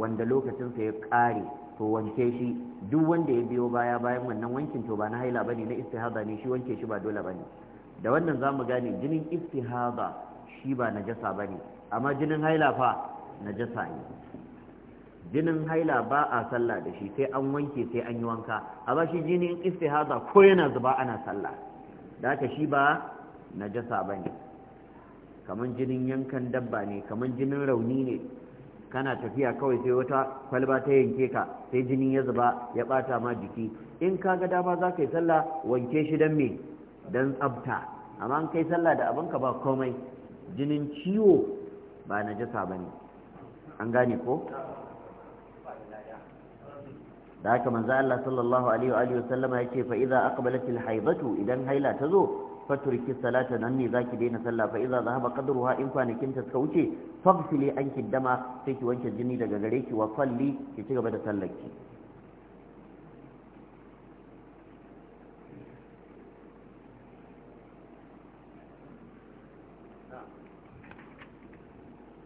wanda lokacin ya kare to wanke shi duk wanda ya biyo baya bayan wannan wankin to ba na haila bane na istihada ne shi wanke shi ba dole bane da wannan zamu gane jinin istihada shi ba najasa bane amma jinin haila fa najasa ne jinin haila ba a sallah da shi sai an wanke sai an yi wanka a ba shi jini in istihaza ko yana zuba ana sallah da haka shi ba najasa ne kaman jinin yankan dabba ne kaman jinin rauni ne kana tafiya kawai sai wata kwalba ta yanke ka sai jini ya zuba ya bata ma jiki in ka ga dama za ka yi sallah wanke shi don me don tsabta amma an kai sallah da abinka ba komai jinin ciwo ba najasa ba ne an gane ko da haka manzo Allah sallallahu alaihi wa alihi wasallama yace fa idza aqbalatil haidatu idan haila ta zo faturki salata nan ne zaki daina sallah fa idza zahaba qadruha in kwanakin ta suka wuce an anki dama sai ki wanke jini daga gare ki wa salli ki ci gaba da sallar ki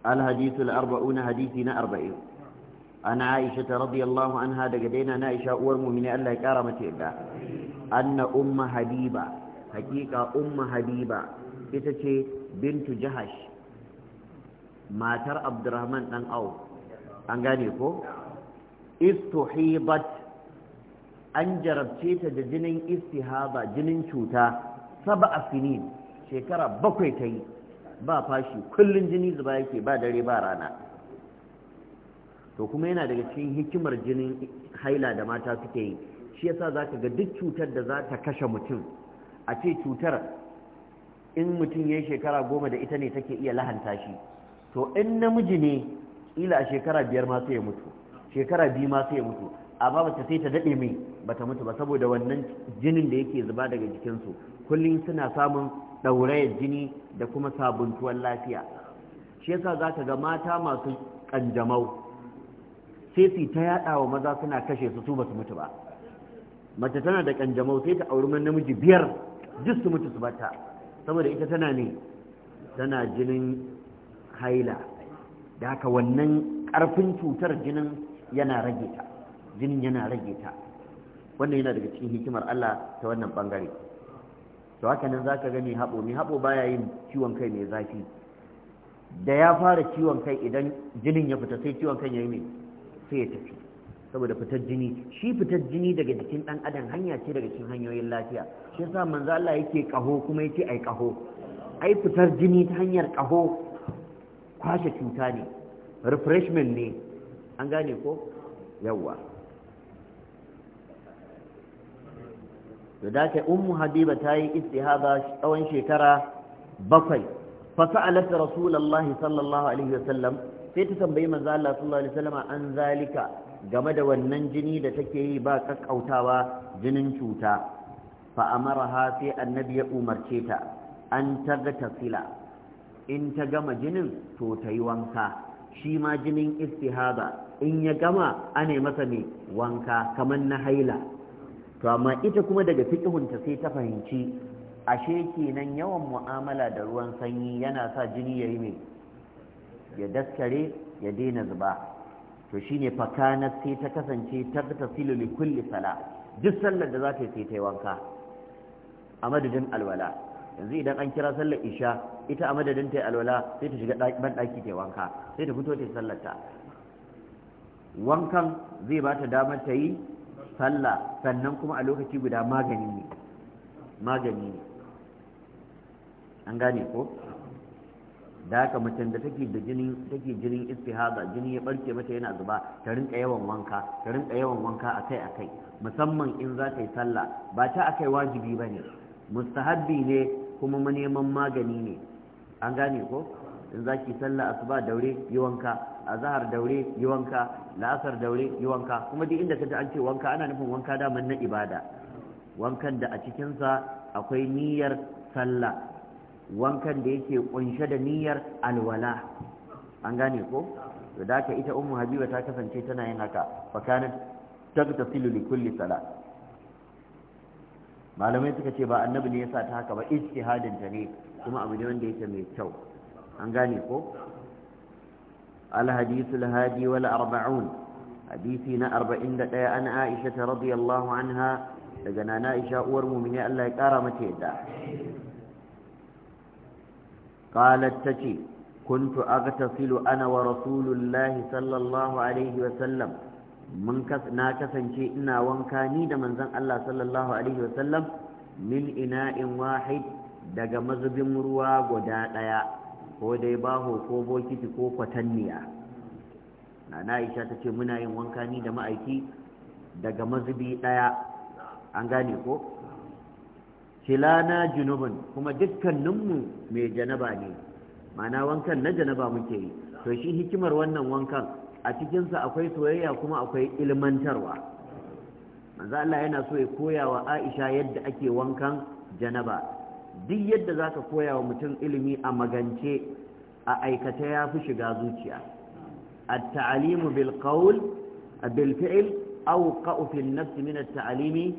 الحديث الأربعون حديثنا أربعين ana aisha ta radiyallahu anha daga daina na aisha uwar mumini Allah ya kara mata yadda anna umma habiba hakika umma habiba ita ce bintu jahash matar abdurrahman ɗan au an gane ko istuhibat an jarabce da jinin istihaba jinin cuta sab'a sinin shekara bakwai ta yi ba fashi kullum jinin zuba yake ba dare ba rana to kuma yana daga cikin hikimar jinin haila da mata suke yi shi yasa za ka ga duk cutar da za ta kashe mutum a ce cutar in mutum ya yi shekara goma da ita ne take iya lahanta shi to in namiji ne ila a shekara biyar ma sai ya mutu shekara biyu ma sai ya mutu amma bata sai ta daɗe mai ba ta mutu ba saboda wannan jinin da yake zuba daga jikinsu kullum suna samun ɗaurayar jini da kuma sabuntuwar lafiya shi yasa za ka ga mata masu ƙanjamau sai su ta yaɗa wa maza suna kashe su su ba su mutu ba mace tana da kanjamau sai ta auri namiji biyar duk su mutu su bata saboda ita tana ne tana jinin haila da haka wannan ƙarfin cutar jinin yana rage ta jinin yana rage ta wannan yana daga cikin hikimar Allah ta wannan bangare to haka nan zaka ga ni haɓo mai haɓo baya yin ciwon kai mai zafi da ya fara ciwon kai idan jinin ya fita sai ciwon ya yayi mai sai ya tafi saboda fitar jini shi fitar jini daga jikin dan adam hanya ce daga cikin hanyoyin lafiya shi yasa manzo Allah yake kaho kuma yake ai kaho ai fitar jini ta hanyar kaho kwashe cuta ne refreshment ne an gane ko yawa da ta ummu habiba ta yi istihaba tsawon shekara bakwai fasa'alat rasulullahi sallallahu alaihi wasallam sai ta tambayi manzo Allah sallallahu alaihi wasallam an zalika game da wannan jini da take yi ba kakkautawa jinin cuta fa amaraha sai annabi ya umarce ta an tarda tafila in ta gama jinin to ta yi wanka shi ma jinin istihada in ya gama ane masa ne wanka kamar na haila to amma ita kuma daga fikihunta sai ta fahimci ashe kenan yawan mu'amala da ruwan sanyi yana sa jini yayi mai ya daskare ya daina zuba to shine fakana sai ta kasance ta tasilu li kulli sala duk sallar da zata yi ta wanka a madadin alwala yanzu idan an kira sallar isha ita a madadin ta yi alwala sai ta shiga ban daki ta yi wanka sai ta fito ta yi sallar ta wankan zai ba ta damar ta yi sallah sannan kuma a lokaci guda magani ne magani an gane ko da haka macen da take da jinin take jinin istihaza jini ya barke mata yana zuba ta rinka yawan wanka ta rinka yawan wanka akai akai musamman in za ta yi sallah ba ta akai wajibi ba ne mustahabbi ne kuma neman magani ne an gane ko in za ki sallah asuba daure yi wanka azhar daure yi wanka la'asar daure yi wanka kuma duk inda ji an ce wanka ana nufin wanka daman na ibada wankan da a cikinsa akwai niyyar sallah wankan da yake kunshe da niyyar alwala an gane ko da haka ita ummu habiba ta kasance tana yin haka fa kanat tagtasilu li kulli salat malamai suka ce ba annabi ne yasa ta haka ba ijtihadin ta ne kuma abu ne wanda yake mai kyau an gane ko al hadithul hadi wal arba'un hadisi na 41 an Aisha radiyallahu anha daga nana Aisha uwar mu'mini Allah ya kara mata yadda qalat tace kuntu aghtasilu ana wa rasulullahi sallallahu alaihi wa sallam na kasance ina wanka ni da manzon Allah sallallahu alaihi wa sallam min ina'in wahid daga mazubin ruwa guda ɗaya, ko dai baho ko bokiti ko kwatanniya nana Aisha tace muna yin wanka ni da ma'aiki daga mazubi ɗaya. an gane ko kilana junubun kuma dukkaninmu mai janaba ne mana wankan na janaba muke yi to shi hikimar wannan wankan a cikinsa akwai soyayya kuma akwai ilmantarwa manzo Allah yana so ya koya wa Aisha yadda ake wankan janaba duk yadda zaka koya wa mutum ilimi a magance a aikata ya fi shiga zuciya at-ta'alimu bil qawl bil fi'l aw qa'u an nafs min at-ta'alimi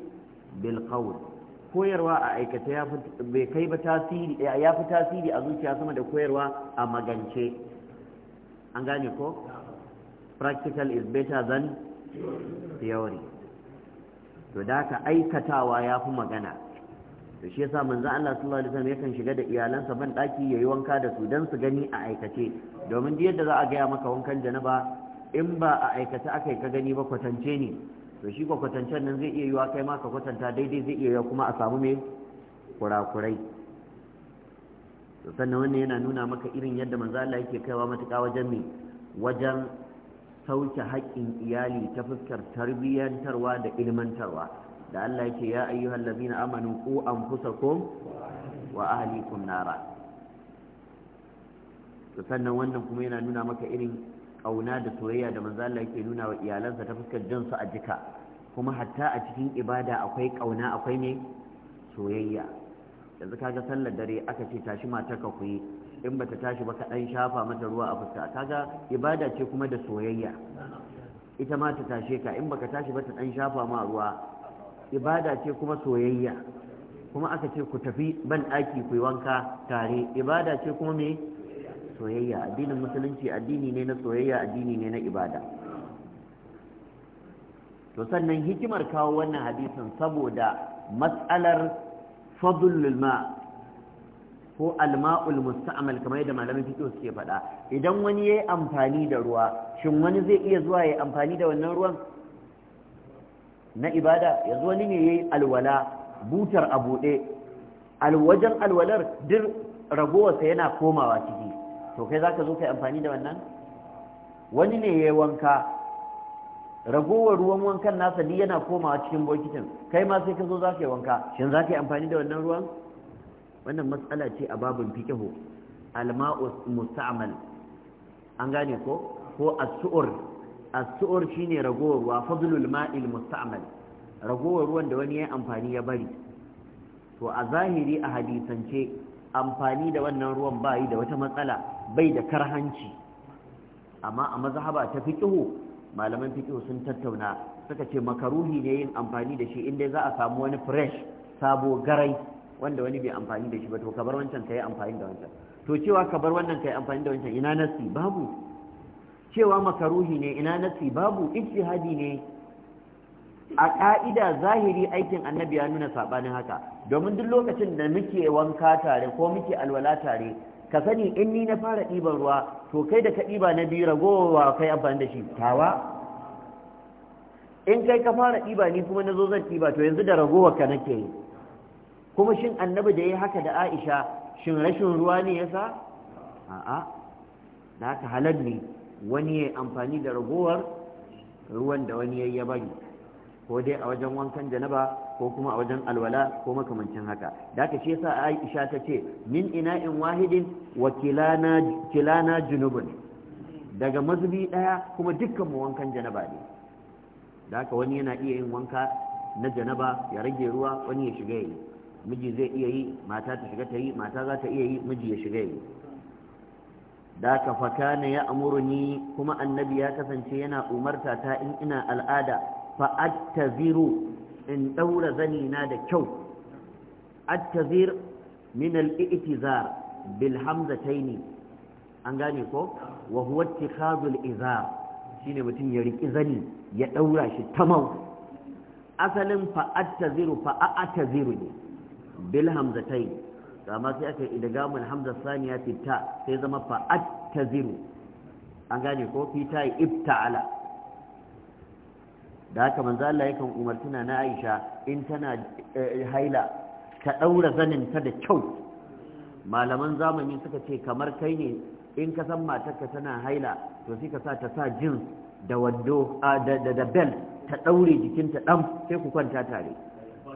bil qawl koyarwa a aikata ya bai kai ba tasiri eh, ya fi tasiri a zuciya sama da koyarwa a magance an gane ko practical is better than theory to da ka aikatawa ya fi magana to shi yasa manzo Allah sallallahu alaihi wasallam yakan shiga da iyalansa ban daki yayi wanka da su dan su gani a aikace domin duk yadda za a gaya maka wankan janaba in ba a aikace akai ka gani ba kwatance ne to shi ko kwatancen nan zai iya yiwa kai ma ka kwatanta daidai zai iya wa kuma a samu me kurakurai to sannan wannan yana nuna maka irin yadda manzo Allah yake kaiwa matuƙa wajen me wajen sauke haƙƙin iyali ta fuskar tarbiyyantarwa da ilmantarwa da Allah yake ya ayyuhal ladina amanu qu anfusakum wa ahlikum nara sannan wannan kuma yana nuna maka irin kauna da soyayya da manzo Allah yake nuna wa iyalansa ta fuskar jin su a jika kuma hatta a cikin ibada akwai kauna akwai ne soyayya yanzu kaga sallar dare aka ce tashi matar ka kuyi in bata tashi ba ka dan shafa mata ruwa a fuska kaga ibada ce kuma da soyayya ita ma ta tashe ka in baka tashi ba ta dan shafa ma ruwa ibada ce kuma soyayya kuma aka ce ku tafi ban daki ku yi wanka tare ibada ce kuma me soyayya addinin musulunci addini ne na soyayya addini ne na ibada to sannan hikimar kawo wannan hadisin saboda matsalar fadlul ma ko alma'ul musta'mal kamar yadda malamin fiqh suke faɗa idan wani yayi amfani da ruwa shin wani zai iya zuwa yayi amfani da wannan ruwan na ibada yanzu wani ne yayi alwala butar a buɗe Wajen alwalar duk ragowarsa yana komawa ciki to kai za ka zo kai amfani da wannan wani ne ya yi wanka ragowar ruwan wankan nasa ni yana komawa cikin bokitin kai ma sai ka zo za ka yi wanka shin za ka yi amfani da wannan ruwan wannan matsala ce a babin fikihu alma'u musta'mal an gane ko ko as-su'ur as-su'ur shine ragowar ruwa fadlul ma'il musta'mal ragowar ruwan da wani ya amfani ya bari to a zahiri a hadisance amfani da wannan ruwan bayi da wata matsala bai da karhanci amma a mazhaba ta fiqhu malaman fiqhu sun tattauna suka ce makaruhi ne yin amfani da shi inda za a samu wani fresh sabo garai wanda wani bai amfani da shi ba to ka bar wancan kai amfani da wancan to cewa ka bar wannan kai amfani da wancan ina nasi babu cewa makaruhi ne ina nasi babu ijtihadi ne a ƙa'ida zahiri aikin annabi ya nuna saɓanin haka domin duk lokacin da muke wanka tare ko muke alwala tare ka sani in ni na fara ɗiban ruwa to kai da ka ɗiba na biyu ragowa kai amfani da shi tawa in kai ka fara ɗiba ni kuma na zo zan ɗiba to yanzu da ragowa ka nake yi kuma shin annabi da ya haka da aisha shin rashin ruwa ne yasa a'a da ka halar ne wani ya amfani da ragowar ruwan da wani ya bari ko dai a wajen wankan janaba ko kuma a wajen alwala ko makamancin haka daka shi yasa Aisha ta ce min ina in wahidin wa kilana kilana junubun daga mazubi daya kuma dukkan mu wankan janaba ne daka wani yana iya yin wanka na janaba ya rage ruwa wani ya shiga yi miji zai iya yi mata ta shiga ta yi mata za ta iya yi miji ya shiga yi da ka faka na ya amuruni kuma annabi ya kasance yana umarta ta in ina al'ada fa'attaziru in ɗaura zani na da kyau attazir min al-i'tizar bil hamzataini an gane ko wa huwa ittikhadul shine mutum ya riki zani ya daura shi tamau asalin fa'attaziru fa'ataziru ne bil hamzataini amma sai aka idgamul hamza Sani ya fita sai zama fa'attaziru an gane ko ibta'ala da haka manzo Allah yakan umarci na Aisha in tana eh, haila ta daura zanin ta da kyau malaman zamani suka ce kamar kai ne in ka san matarka tana haila to sai ka sa ta sa jeans da wando da da bel ta daure jikinta ɗan sai ku kwanta tare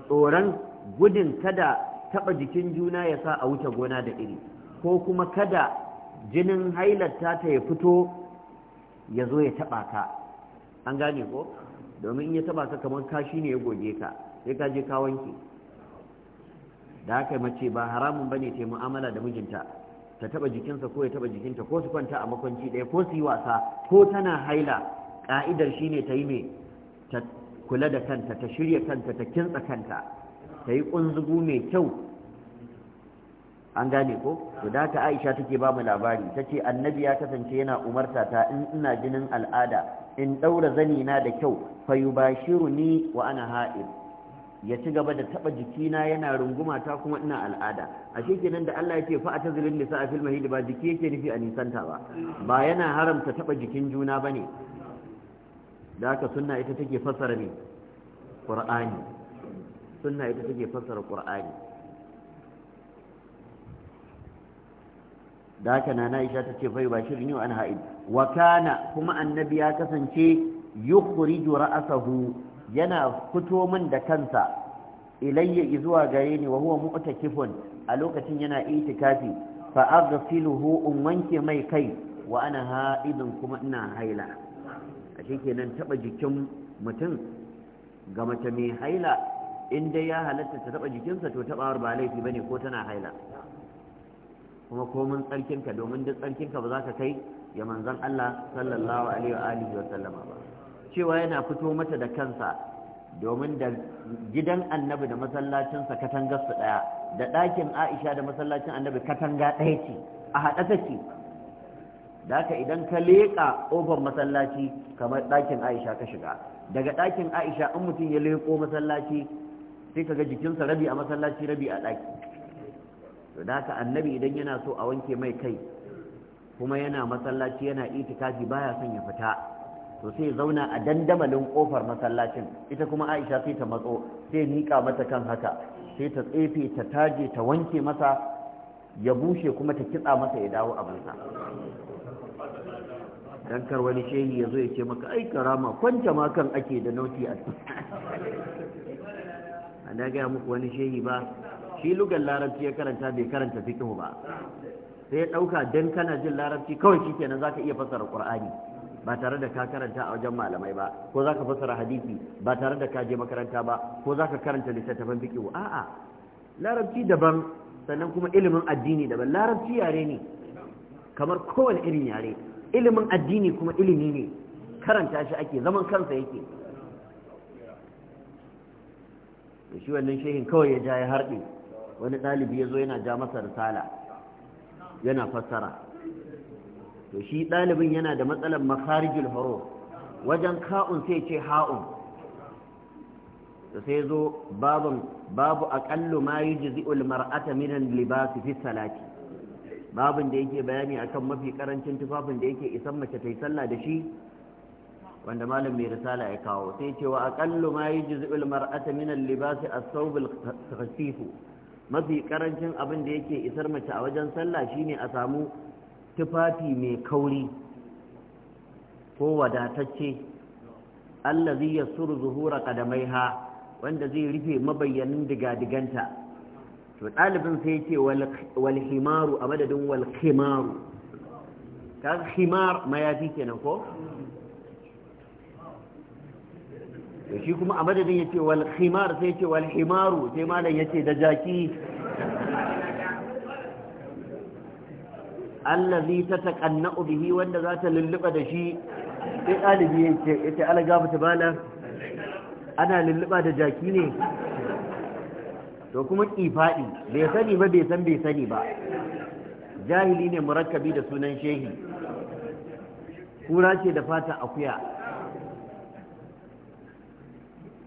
tsoron gudun kada taba jikin juna ya sa a wuce gona da iri ko kuma kada jinin hailar ta ta ya fito ya zo ya taba ka an gane ko domin ya taba ka kamar kashi ne ya goge ka sai ka je ka wanke da haka mace ba haramun ba ne ta yi mu'amala da mijinta ta taba jikinsa ko ya taba jikinta ko su kwanta a makwanci ɗaya ko su yi wasa ko tana haila ƙa'idar shi ne ta yi mai ta kula da kanta ta shirya kanta ta kintsa kanta ta yi ƙunzugu mai kyau an gane ko to da ta Aisha take ba mu labari tace annabi ya kasance yana umarta ta in ina jinin al'ada in daura zani na da kyau ni wa ana ha'id ya ci gaba da taba jikina yana runguma ta kuma ina al'ada ashe kenan da Allah yake fa atazilin nisa a fil mahid ba jiki yake nufi a nisanta ba ba yana haramta taba jikin juna bane da haka sunna ita take fassara ne qur'ani sunna ita take fassara qur'ani da haka na Aisha ta ce fa yubashiru an ha'id wa kana kuma annabi ya kasance yukhriju ra'asahu yana fito min da kansa ilayya zuwa gare ni wa huwa mu'takifun a lokacin yana itikafi fa aghsiluhu in wanke mai kai wa ana ha'idun kuma ina haila cikin nan taba jikin mutum ga mace mai haila in dai ya halatta ta taba jikinsa to tabawar ba laifi bane ko tana haila kuma komin tsarkinka domin duk tsarkinka ba za ka kai ya manzan Allah sallallahu alaihi wa alihi wa sallama ba cewa yana fito mata da kansa domin da gidan annabi da masallacinsa katanga su daya da ɗakin Aisha da masallacin annabi katanga ɗaya ce a haɗa take da haka idan ka leƙa ƙofar masallaci kamar ɗakin Aisha ka shiga daga ɗakin Aisha in mutum ya leƙo masallaci sai ka ga jikinsa rabi a masallaci rabi a ɗaki to da haka annabi idan yana so a wanke mai kai kuma yana masallaci yana itikafi baya son ya fita to sai zauna a dandamalin kofar masallacin ita kuma Aisha sai ta matso sai nika mata kan haka sai ta tsefe ta taje ta wanke masa ya bushe kuma ta kitsa masa ya dawo bansa dan kar wani shehi ya zo ya ce maka ai karama kwanta ma kan ake da nauti a na gaya muku wani shehi ba shi lugar larabci ya karanta bai karanta fiqh ba sai ya ɗauka dan kana jin larabci kawai shikenan zaka iya fassara qur'ani ba tare da ka karanta a wajen malamai ba ko zaka fassara hadisi ba tare da ka je makaranta ba ko zaka karanta littattafan fiqh a'a larabci daban sannan kuma ilimin addini daban larabci yare ne kamar kowane irin yare ilimin addini kuma ilimi ne karanta shi ake zaman kansa yake da shi wannan shehin kawai ya ja ya harɗe wani ɗalibi ya zo yana ja masa risala yana fassara to shi ɗalibin yana da matsalar makarijul haro wajen ka'un sai ce ha'un da sai zo babu babu aƙallu ma yi jizi'ul mar'ata minan libasi fi salati babin da yake bayani akan mafi karancin tufafin da yake isan mace ta yi sallah da shi wanda malam mai risala ya kawo sai cewa aƙallu ma yi jizi'ul mar'ata minan libasi a sawbul khasifu mafi karancin abin da yake isar mace a wajen sallah shine a samu tufafi mai kauri ko wadatacce allah allazi yasuru zuhura qadamaiha wanda zai rufe mabayyanin digadiganta to dalibin sai yake wal himaru a madadin wal himaru kaga himar mayafi kenan ko to shi kuma a madadin ce wal khimar sai ce wal himaru sai malam ya ce da jaki allazi tataqanna'u bihi wanda za ta lulluba da shi sai dalibi ce ita alaga ta bala ana lulluba da jaki ne to kuma kifadi bai sani ba bai san bai sani ba jahili ne murakkabi da sunan shehi kura ce da fata akuya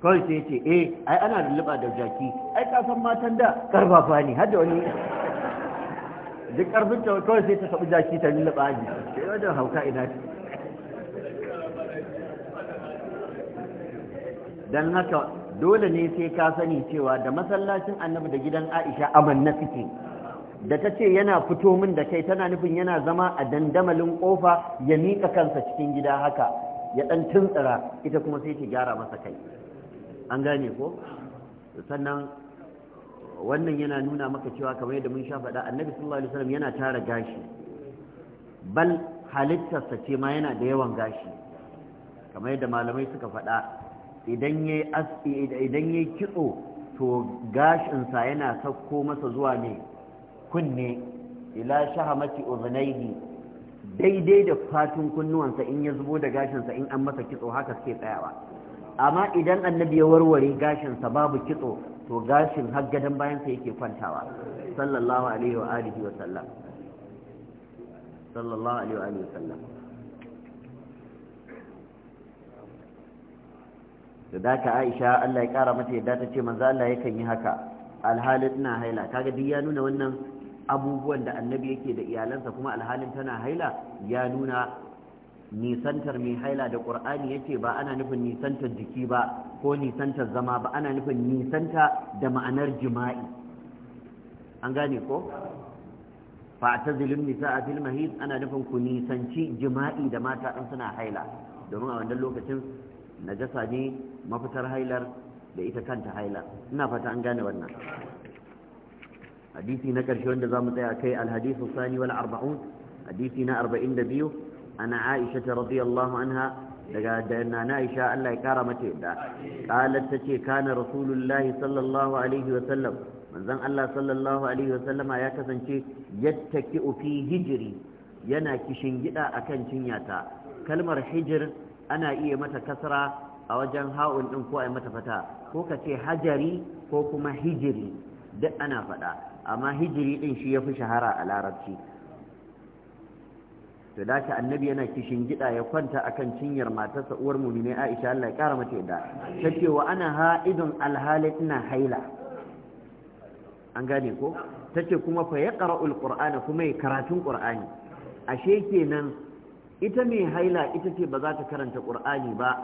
kawai sai ce eh ai ana lulluɓa da jaki ai kasan matan da karfafa ne har da wani duk karfin ta kawai sai ta sabu jaki ta lulluɓa ne sai da hauka ina ce don haka dole ne sai ka sani cewa da masallacin annabi da gidan aisha amanna suke da ta ce yana fito min da kai tana nufin yana zama a dandamalin kofa ya miƙa kansa cikin gida haka ya ɗan tuntsira ita kuma sai ta gyara masa kai an gane ko sannan wannan yana nuna maka cewa kamar yadda mun sha faɗa annabi sallallahu alaihi wasallam yana tara gashi bal halittarsa ce ma yana da yawan gashi kamar yadda malamai suka faɗa idan ya idan ya kitso to gashinsa yana sakko masa zuwa ne kunne ila shahamati uzunaihi daidai da fatun kunnuwansa in ya zubo da gashinsa in an masa kitso haka suke tsayawa amma idan annabi ya warware gashinsa babu kitso to gashin haggadan bayansa yake kwantawa sallallahu alaihi wa alihi wa sallam sallallahu alaihi wa alihi wa sallam da ka Aisha Allah ya kara mata yadda ta ce manzo Allah yakan yi haka alhalin na haila kaga duk ya nuna wannan abubuwan da annabi yake da iyalansa kuma alhalin tana haila ya nuna nisantar mai haila da ƙur'ani ce ba ana nufin nisantar jiki ba ko nisantar zama ba ana nufin nisanta da ma'anar jima'i an gane ko fa ta zulun nisa a fil mahid ana nufin ku nisanci jima'i da mata in suna haila domin a wannan lokacin najasa ne mafitar hailar da ita kanta haila ina fata an gane wannan hadisi na ƙarshe wanda za mu tsaya kai alhadisu sani wal arba'un hadisi na arba'in da biyu ana aisha radiyallahu anha daga dana na aisha Allah ya kara mata yadda qalat tace kana rasulullahi sallallahu alaihi wa sallam manzon Allah sallallahu alaihi wa sallama ya kasance yattaki fi hijiri yana kishin gida akan ta kalmar hijir ana iya mata kasra a wajen ha'un din ko a mata fata ko kace hajari ko kuma hijiri duk ana faɗa amma hijiri din shi ya fi shahara a larabci to da ka annabi yana kishin gida ya kwanta akan cinyar matarsa uwar mu'mini Aisha Allah ya kara mata yadda ce wa ana ha'idun alhali ina haila an gane ko ce kuma fa yaqra'ul qur'ana kuma ya karatun qur'ani ashe kenan ita mai haila ita ce ba za ta karanta qur'ani ba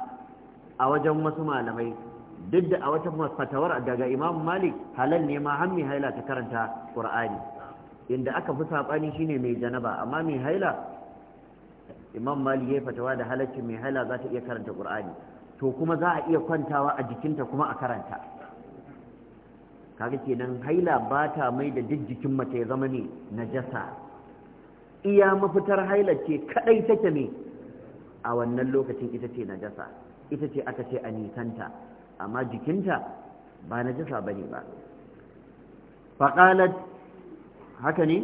a wajen wasu malamai duk da a wata fatawar daga imam malik halal ne ma har mai haila ta karanta qur'ani inda aka fi saɓani shine mai janaba amma mai haila imam mali ya fatawa da halaccin mai hala za ta iya karanta qur'ani to kuma za a iya kwantawa a jikinta kuma a karanta kaga kenan haila ba ta mai da duk jikin mace ya zama ne najasa iya mafitar haila ce kadai take ne a wannan lokacin ita ce najasa ita ce aka ce a nisanta amma jikinta ba najasa bane ba faqalat haka ne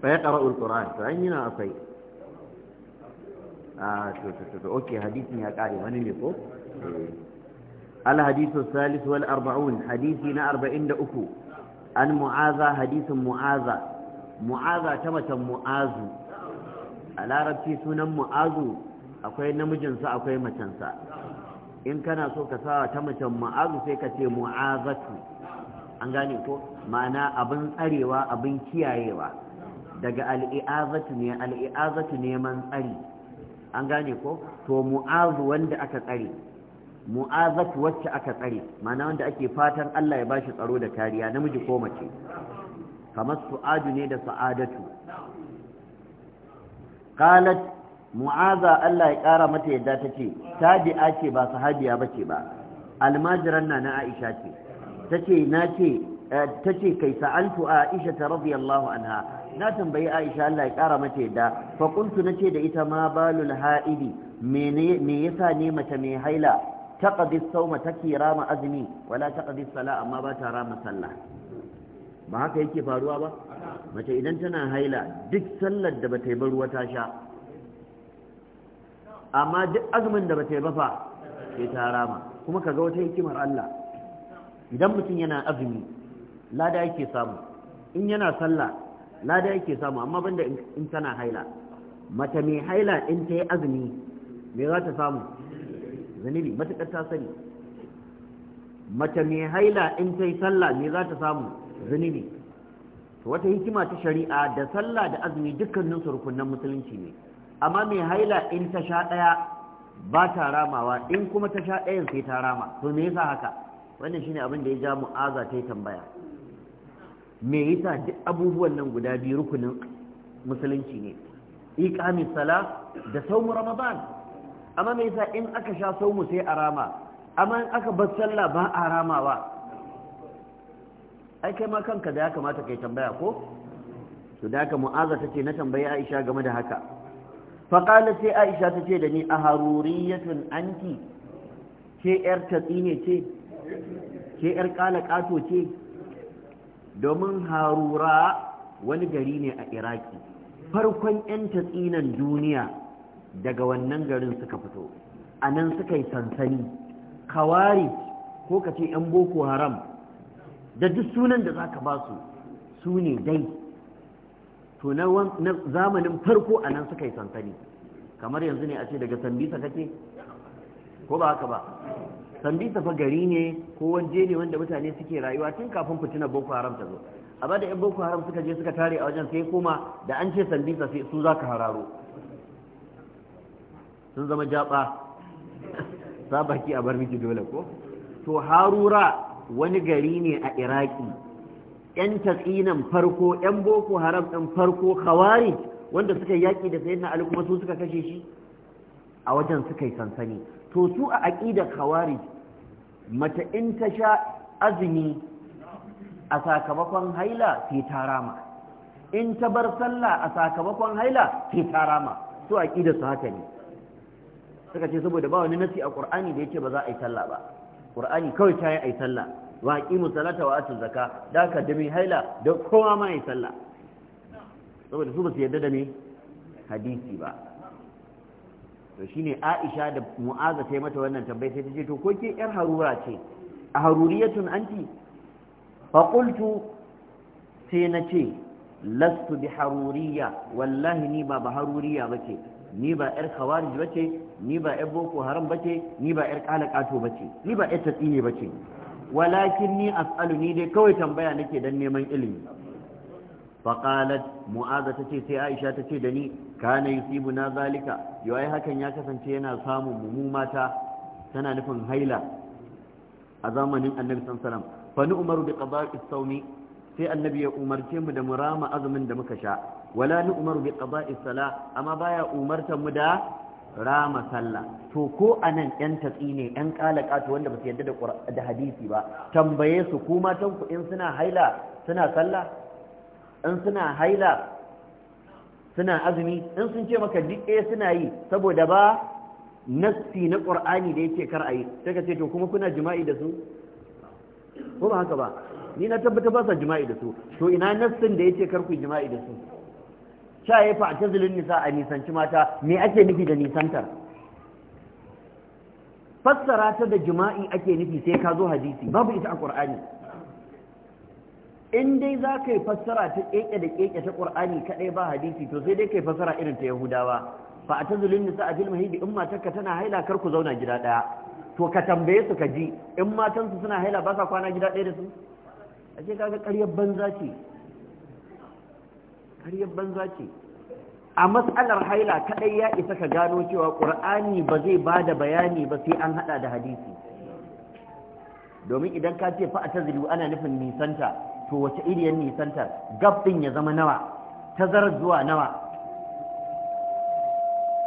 fa yaqra alquran to an yana akwai ah to to to okay hadisi ya kare wani ne ko eh. al hadithu salis wal 40 hadisi na uku, an muaza hadithun muaza muaza ta matan muazu a larabci sunan muazu akwai namijinsa akwai macensa in kana so ka sawa ta macen mu'azu sai ka ce mu'azatu an gane ko ma'ana abin tsarewa abin kiyayewa daga al'i'azatu ne al'i'azatu neman tsari an gane ko to mu'azu wanda aka tsare mu'azatu wacce aka tsare mana wanda ake fatan Allah ya bashi tsaro da kariya namiji ko mace kamar su'adu ne da sa'adatu qalat mu'aza Allah ya kara mata yadda tace tabi'a ce ba sahabiya bace ba almajiran na na Aisha ce tace na ce eh, tace kai sa'altu Aisha radiyallahu anha na tambayi Aisha Allah ya kara mata yadda fa kuntu nace da ita ma balul haidi mene me yasa ne mace mai haila taqdi ta take rama azumi wala qadi sala amma ba ta rama sallah ba haka yake faruwa ba mace idan tana haila duk sallar da bata yi ba ruwa ta sha amma duk azumin da bata yi ba fa sai ta rama kuma kaga wata hikimar Allah idan mutum yana azumi lada yake samu in yana sallah lada yake samu amma banda in tana haila mata mai haila in ta yi azumi me za ta samu zunubi matuƙar ta sani mace mai haila in ta yi sallah me za ta samu zunubi to wata hikima ta shari'a da sallah da azumi dukkanin su rukunan musulunci ne amma mai haila in ta sha ɗaya ba ta ramawa in kuma ta sha ɗayan sai ta rama to me yasa haka wannan shine abin da ya ja mu'aza ta yi tambaya me yasa duk abubuwan nan guda biyu rukunin musulunci ne iqami sala da saumu ramadan amma me yasa in aka sha saumu sai a rama amma in aka bar sallah ba a ramawa ai kai ma kanka da ya kamata kai tambaya ko to da ka mu'aza tace na tambayi Aisha game da haka fa qala sai Aisha tace da ni ahururiyatun anti ke yar tatsi ne ce ke yar kala kato ce domin harura wani gari ne a iraki farkon 'yan tatsinan duniya daga wannan garin suka fito a nan suka yi sansani kawari ko ka ce 'yan boko haram da duk sunan da za ka ba su su ne dai to na zamanin farko a nan suka yi sansani kamar yanzu ne a ce daga sambisa kake ko ba haka ba sambisa fa gari ne ko waje ne wanda mutane suke rayuwa tun kafin fitinar boko haram ta zo a bada yan boko haram suka je suka tare a wajen sai koma da an ce sambisa sai su za hararo sun zama jaba sabaki a bar miki dole ko to harura wani gari ne a iraki yan tatsinan farko yan boko haram ɗin farko khawarij wanda suka yaki da sayyidina ali kuma su suka kashe shi a wajen suka yi sansani to su a aƙidar khawarij mace in ta sha azumi a sakamakon haila sai ta in ta bar sallah a sakamakon haila sai ta rama su aƙidar su haka ne suka ce saboda ba wani nasi a ƙur'ani da yake ba za a yi sallah ba ƙur'ani kawai ta yi a yi sallah wa aqimu salata wa atu zakka da ka da mai haila da kowa ma yi sallah saboda su ba su yarda da ni hadisi ba to shine Aisha da Mu'aza ta yi mata wannan tambayi sai ta ce to ko ke yar harura ce a haruriyatun anti fa qultu sai na ce lastu bi haruriya wallahi ni ba ba haruriya bace ni ba yar khawarij bace ni ba yar boko haram bace ni ba yar qalaqato bace ni ba yar tatsine bace walakin ni as'alu ni dai kawai tambaya nake dan neman ilimi Faƙalat فقالت معاذ تتي سي عائشة تتي دني na zalika. ذلك يوأي hakan ya kasance yana samun mu mata tana nufin haila a zamanin Annabi sallallahu alaihi wasallam fa nu'maru bi sai Annabi ya umarce mu da rama azumin da muka sha wala nu'maru bi qada'i sala amma baya umartan mu da rama sallah to ko anan yan tatsi ne yan ƙalaƙa to wanda ba su yadda da hadisi ba tambaye su kuma matan ku in suna haila suna sallah in suna haila suna azumi in sun ce maka duk ɗaya suna yi saboda ba nassi na ƙur'ani da yake kar a yi sai ka ce to kuma kuna jima'i da su ko ba haka ba ni na tabbata ba sa jima'i da su to ina nassin da yake kar ku jima'i da su sha ya fa a zulun nisa a nisanci mata me ake nufi da nisantar fassara ta da jima'i ake nufi sai ka zo hadisi babu ita a ƙur'ani in dai za ka yi fassara ta keke da keke ta ƙur'ani kadai ba hadisi to sai dai ka yi fassara irin ta yahudawa fa atazulun nisa a fil mahidi in matarka tana haila kar ku zauna gida ɗaya. to ka tambaye su ka ji in matansu suna haila ba sa kwana gida ɗaya da su ce kaga ƙaryar banza ce ƙaryar banza ce a matsalar haila kadai ya isa ka gano cewa ƙur'ani ba zai bada bayani ba sai an haɗa da hadisi domin idan ka ce fa atazilu ana nufin nisanta to wace iriyar nisanta gab din ya zama nawa tazarar zuwa nawa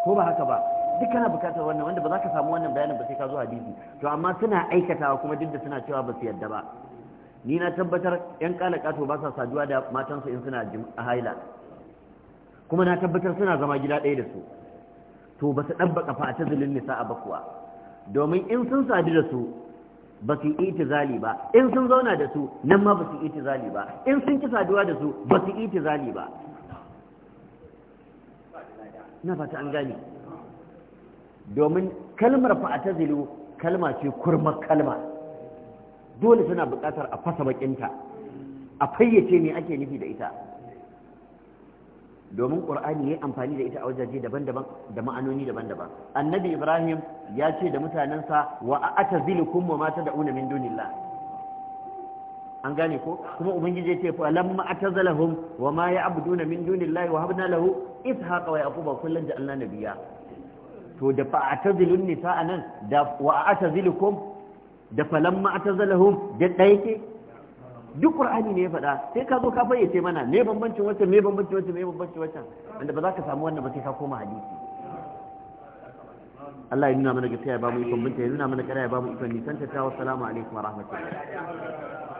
ko ba haka ba duk kana bukatar wannan wanda ba za ka samu wannan bayanin ba sai ka zo hadisi to amma suna aikatawa kuma duk da suna cewa ba su yadda ba ni na tabbatar yan kalakato ba sa saduwa da matansu in suna a haila kuma na tabbatar suna zama gida ɗaya da su to ba su ɗabba kafa a tazilin nisa a bakuwa domin in sun sadu da su ba su yi itizali ba in sun zauna da su nan ma ba su yi itizali ba in sun kisa saduwa da su ba su yi itizali ba na fata an gane domin kalmar zilu kalma ce kurmar kalma dole suna buƙatar a fasa bakinta a fayyace ne ake nufi da ita domin qur'ani yayi amfani da ita a wajaje daban-daban da ma'anoni daban-daban annabi ibrahim ya ce da mutanansa wa a'tazilukum wa ma tad'una min dunillah an gane ko kuma ubangiji ya ce fa lamma atazalahum wa ma ya'buduna min dunillahi wa habna lahu ishaqa wa yaquba kullan ja'alna nabiyya to da fa atazilun nisa anan da wa a'tazilukum da fa lamma atazalahum da dai yake duk qur'ani ne ya faɗa sai ka zo ka fayyace mana me bambancin wancan me bambancin wancan me bambancin wancan wanda ba za ka samu wannan ba sai ka koma hadisi Allah ya nuna mana gaskiya ya ba mu ikon binta ya nuna mana kara ya ba mu ikon nisan ta wa salamu alaikum wa rahmatullahi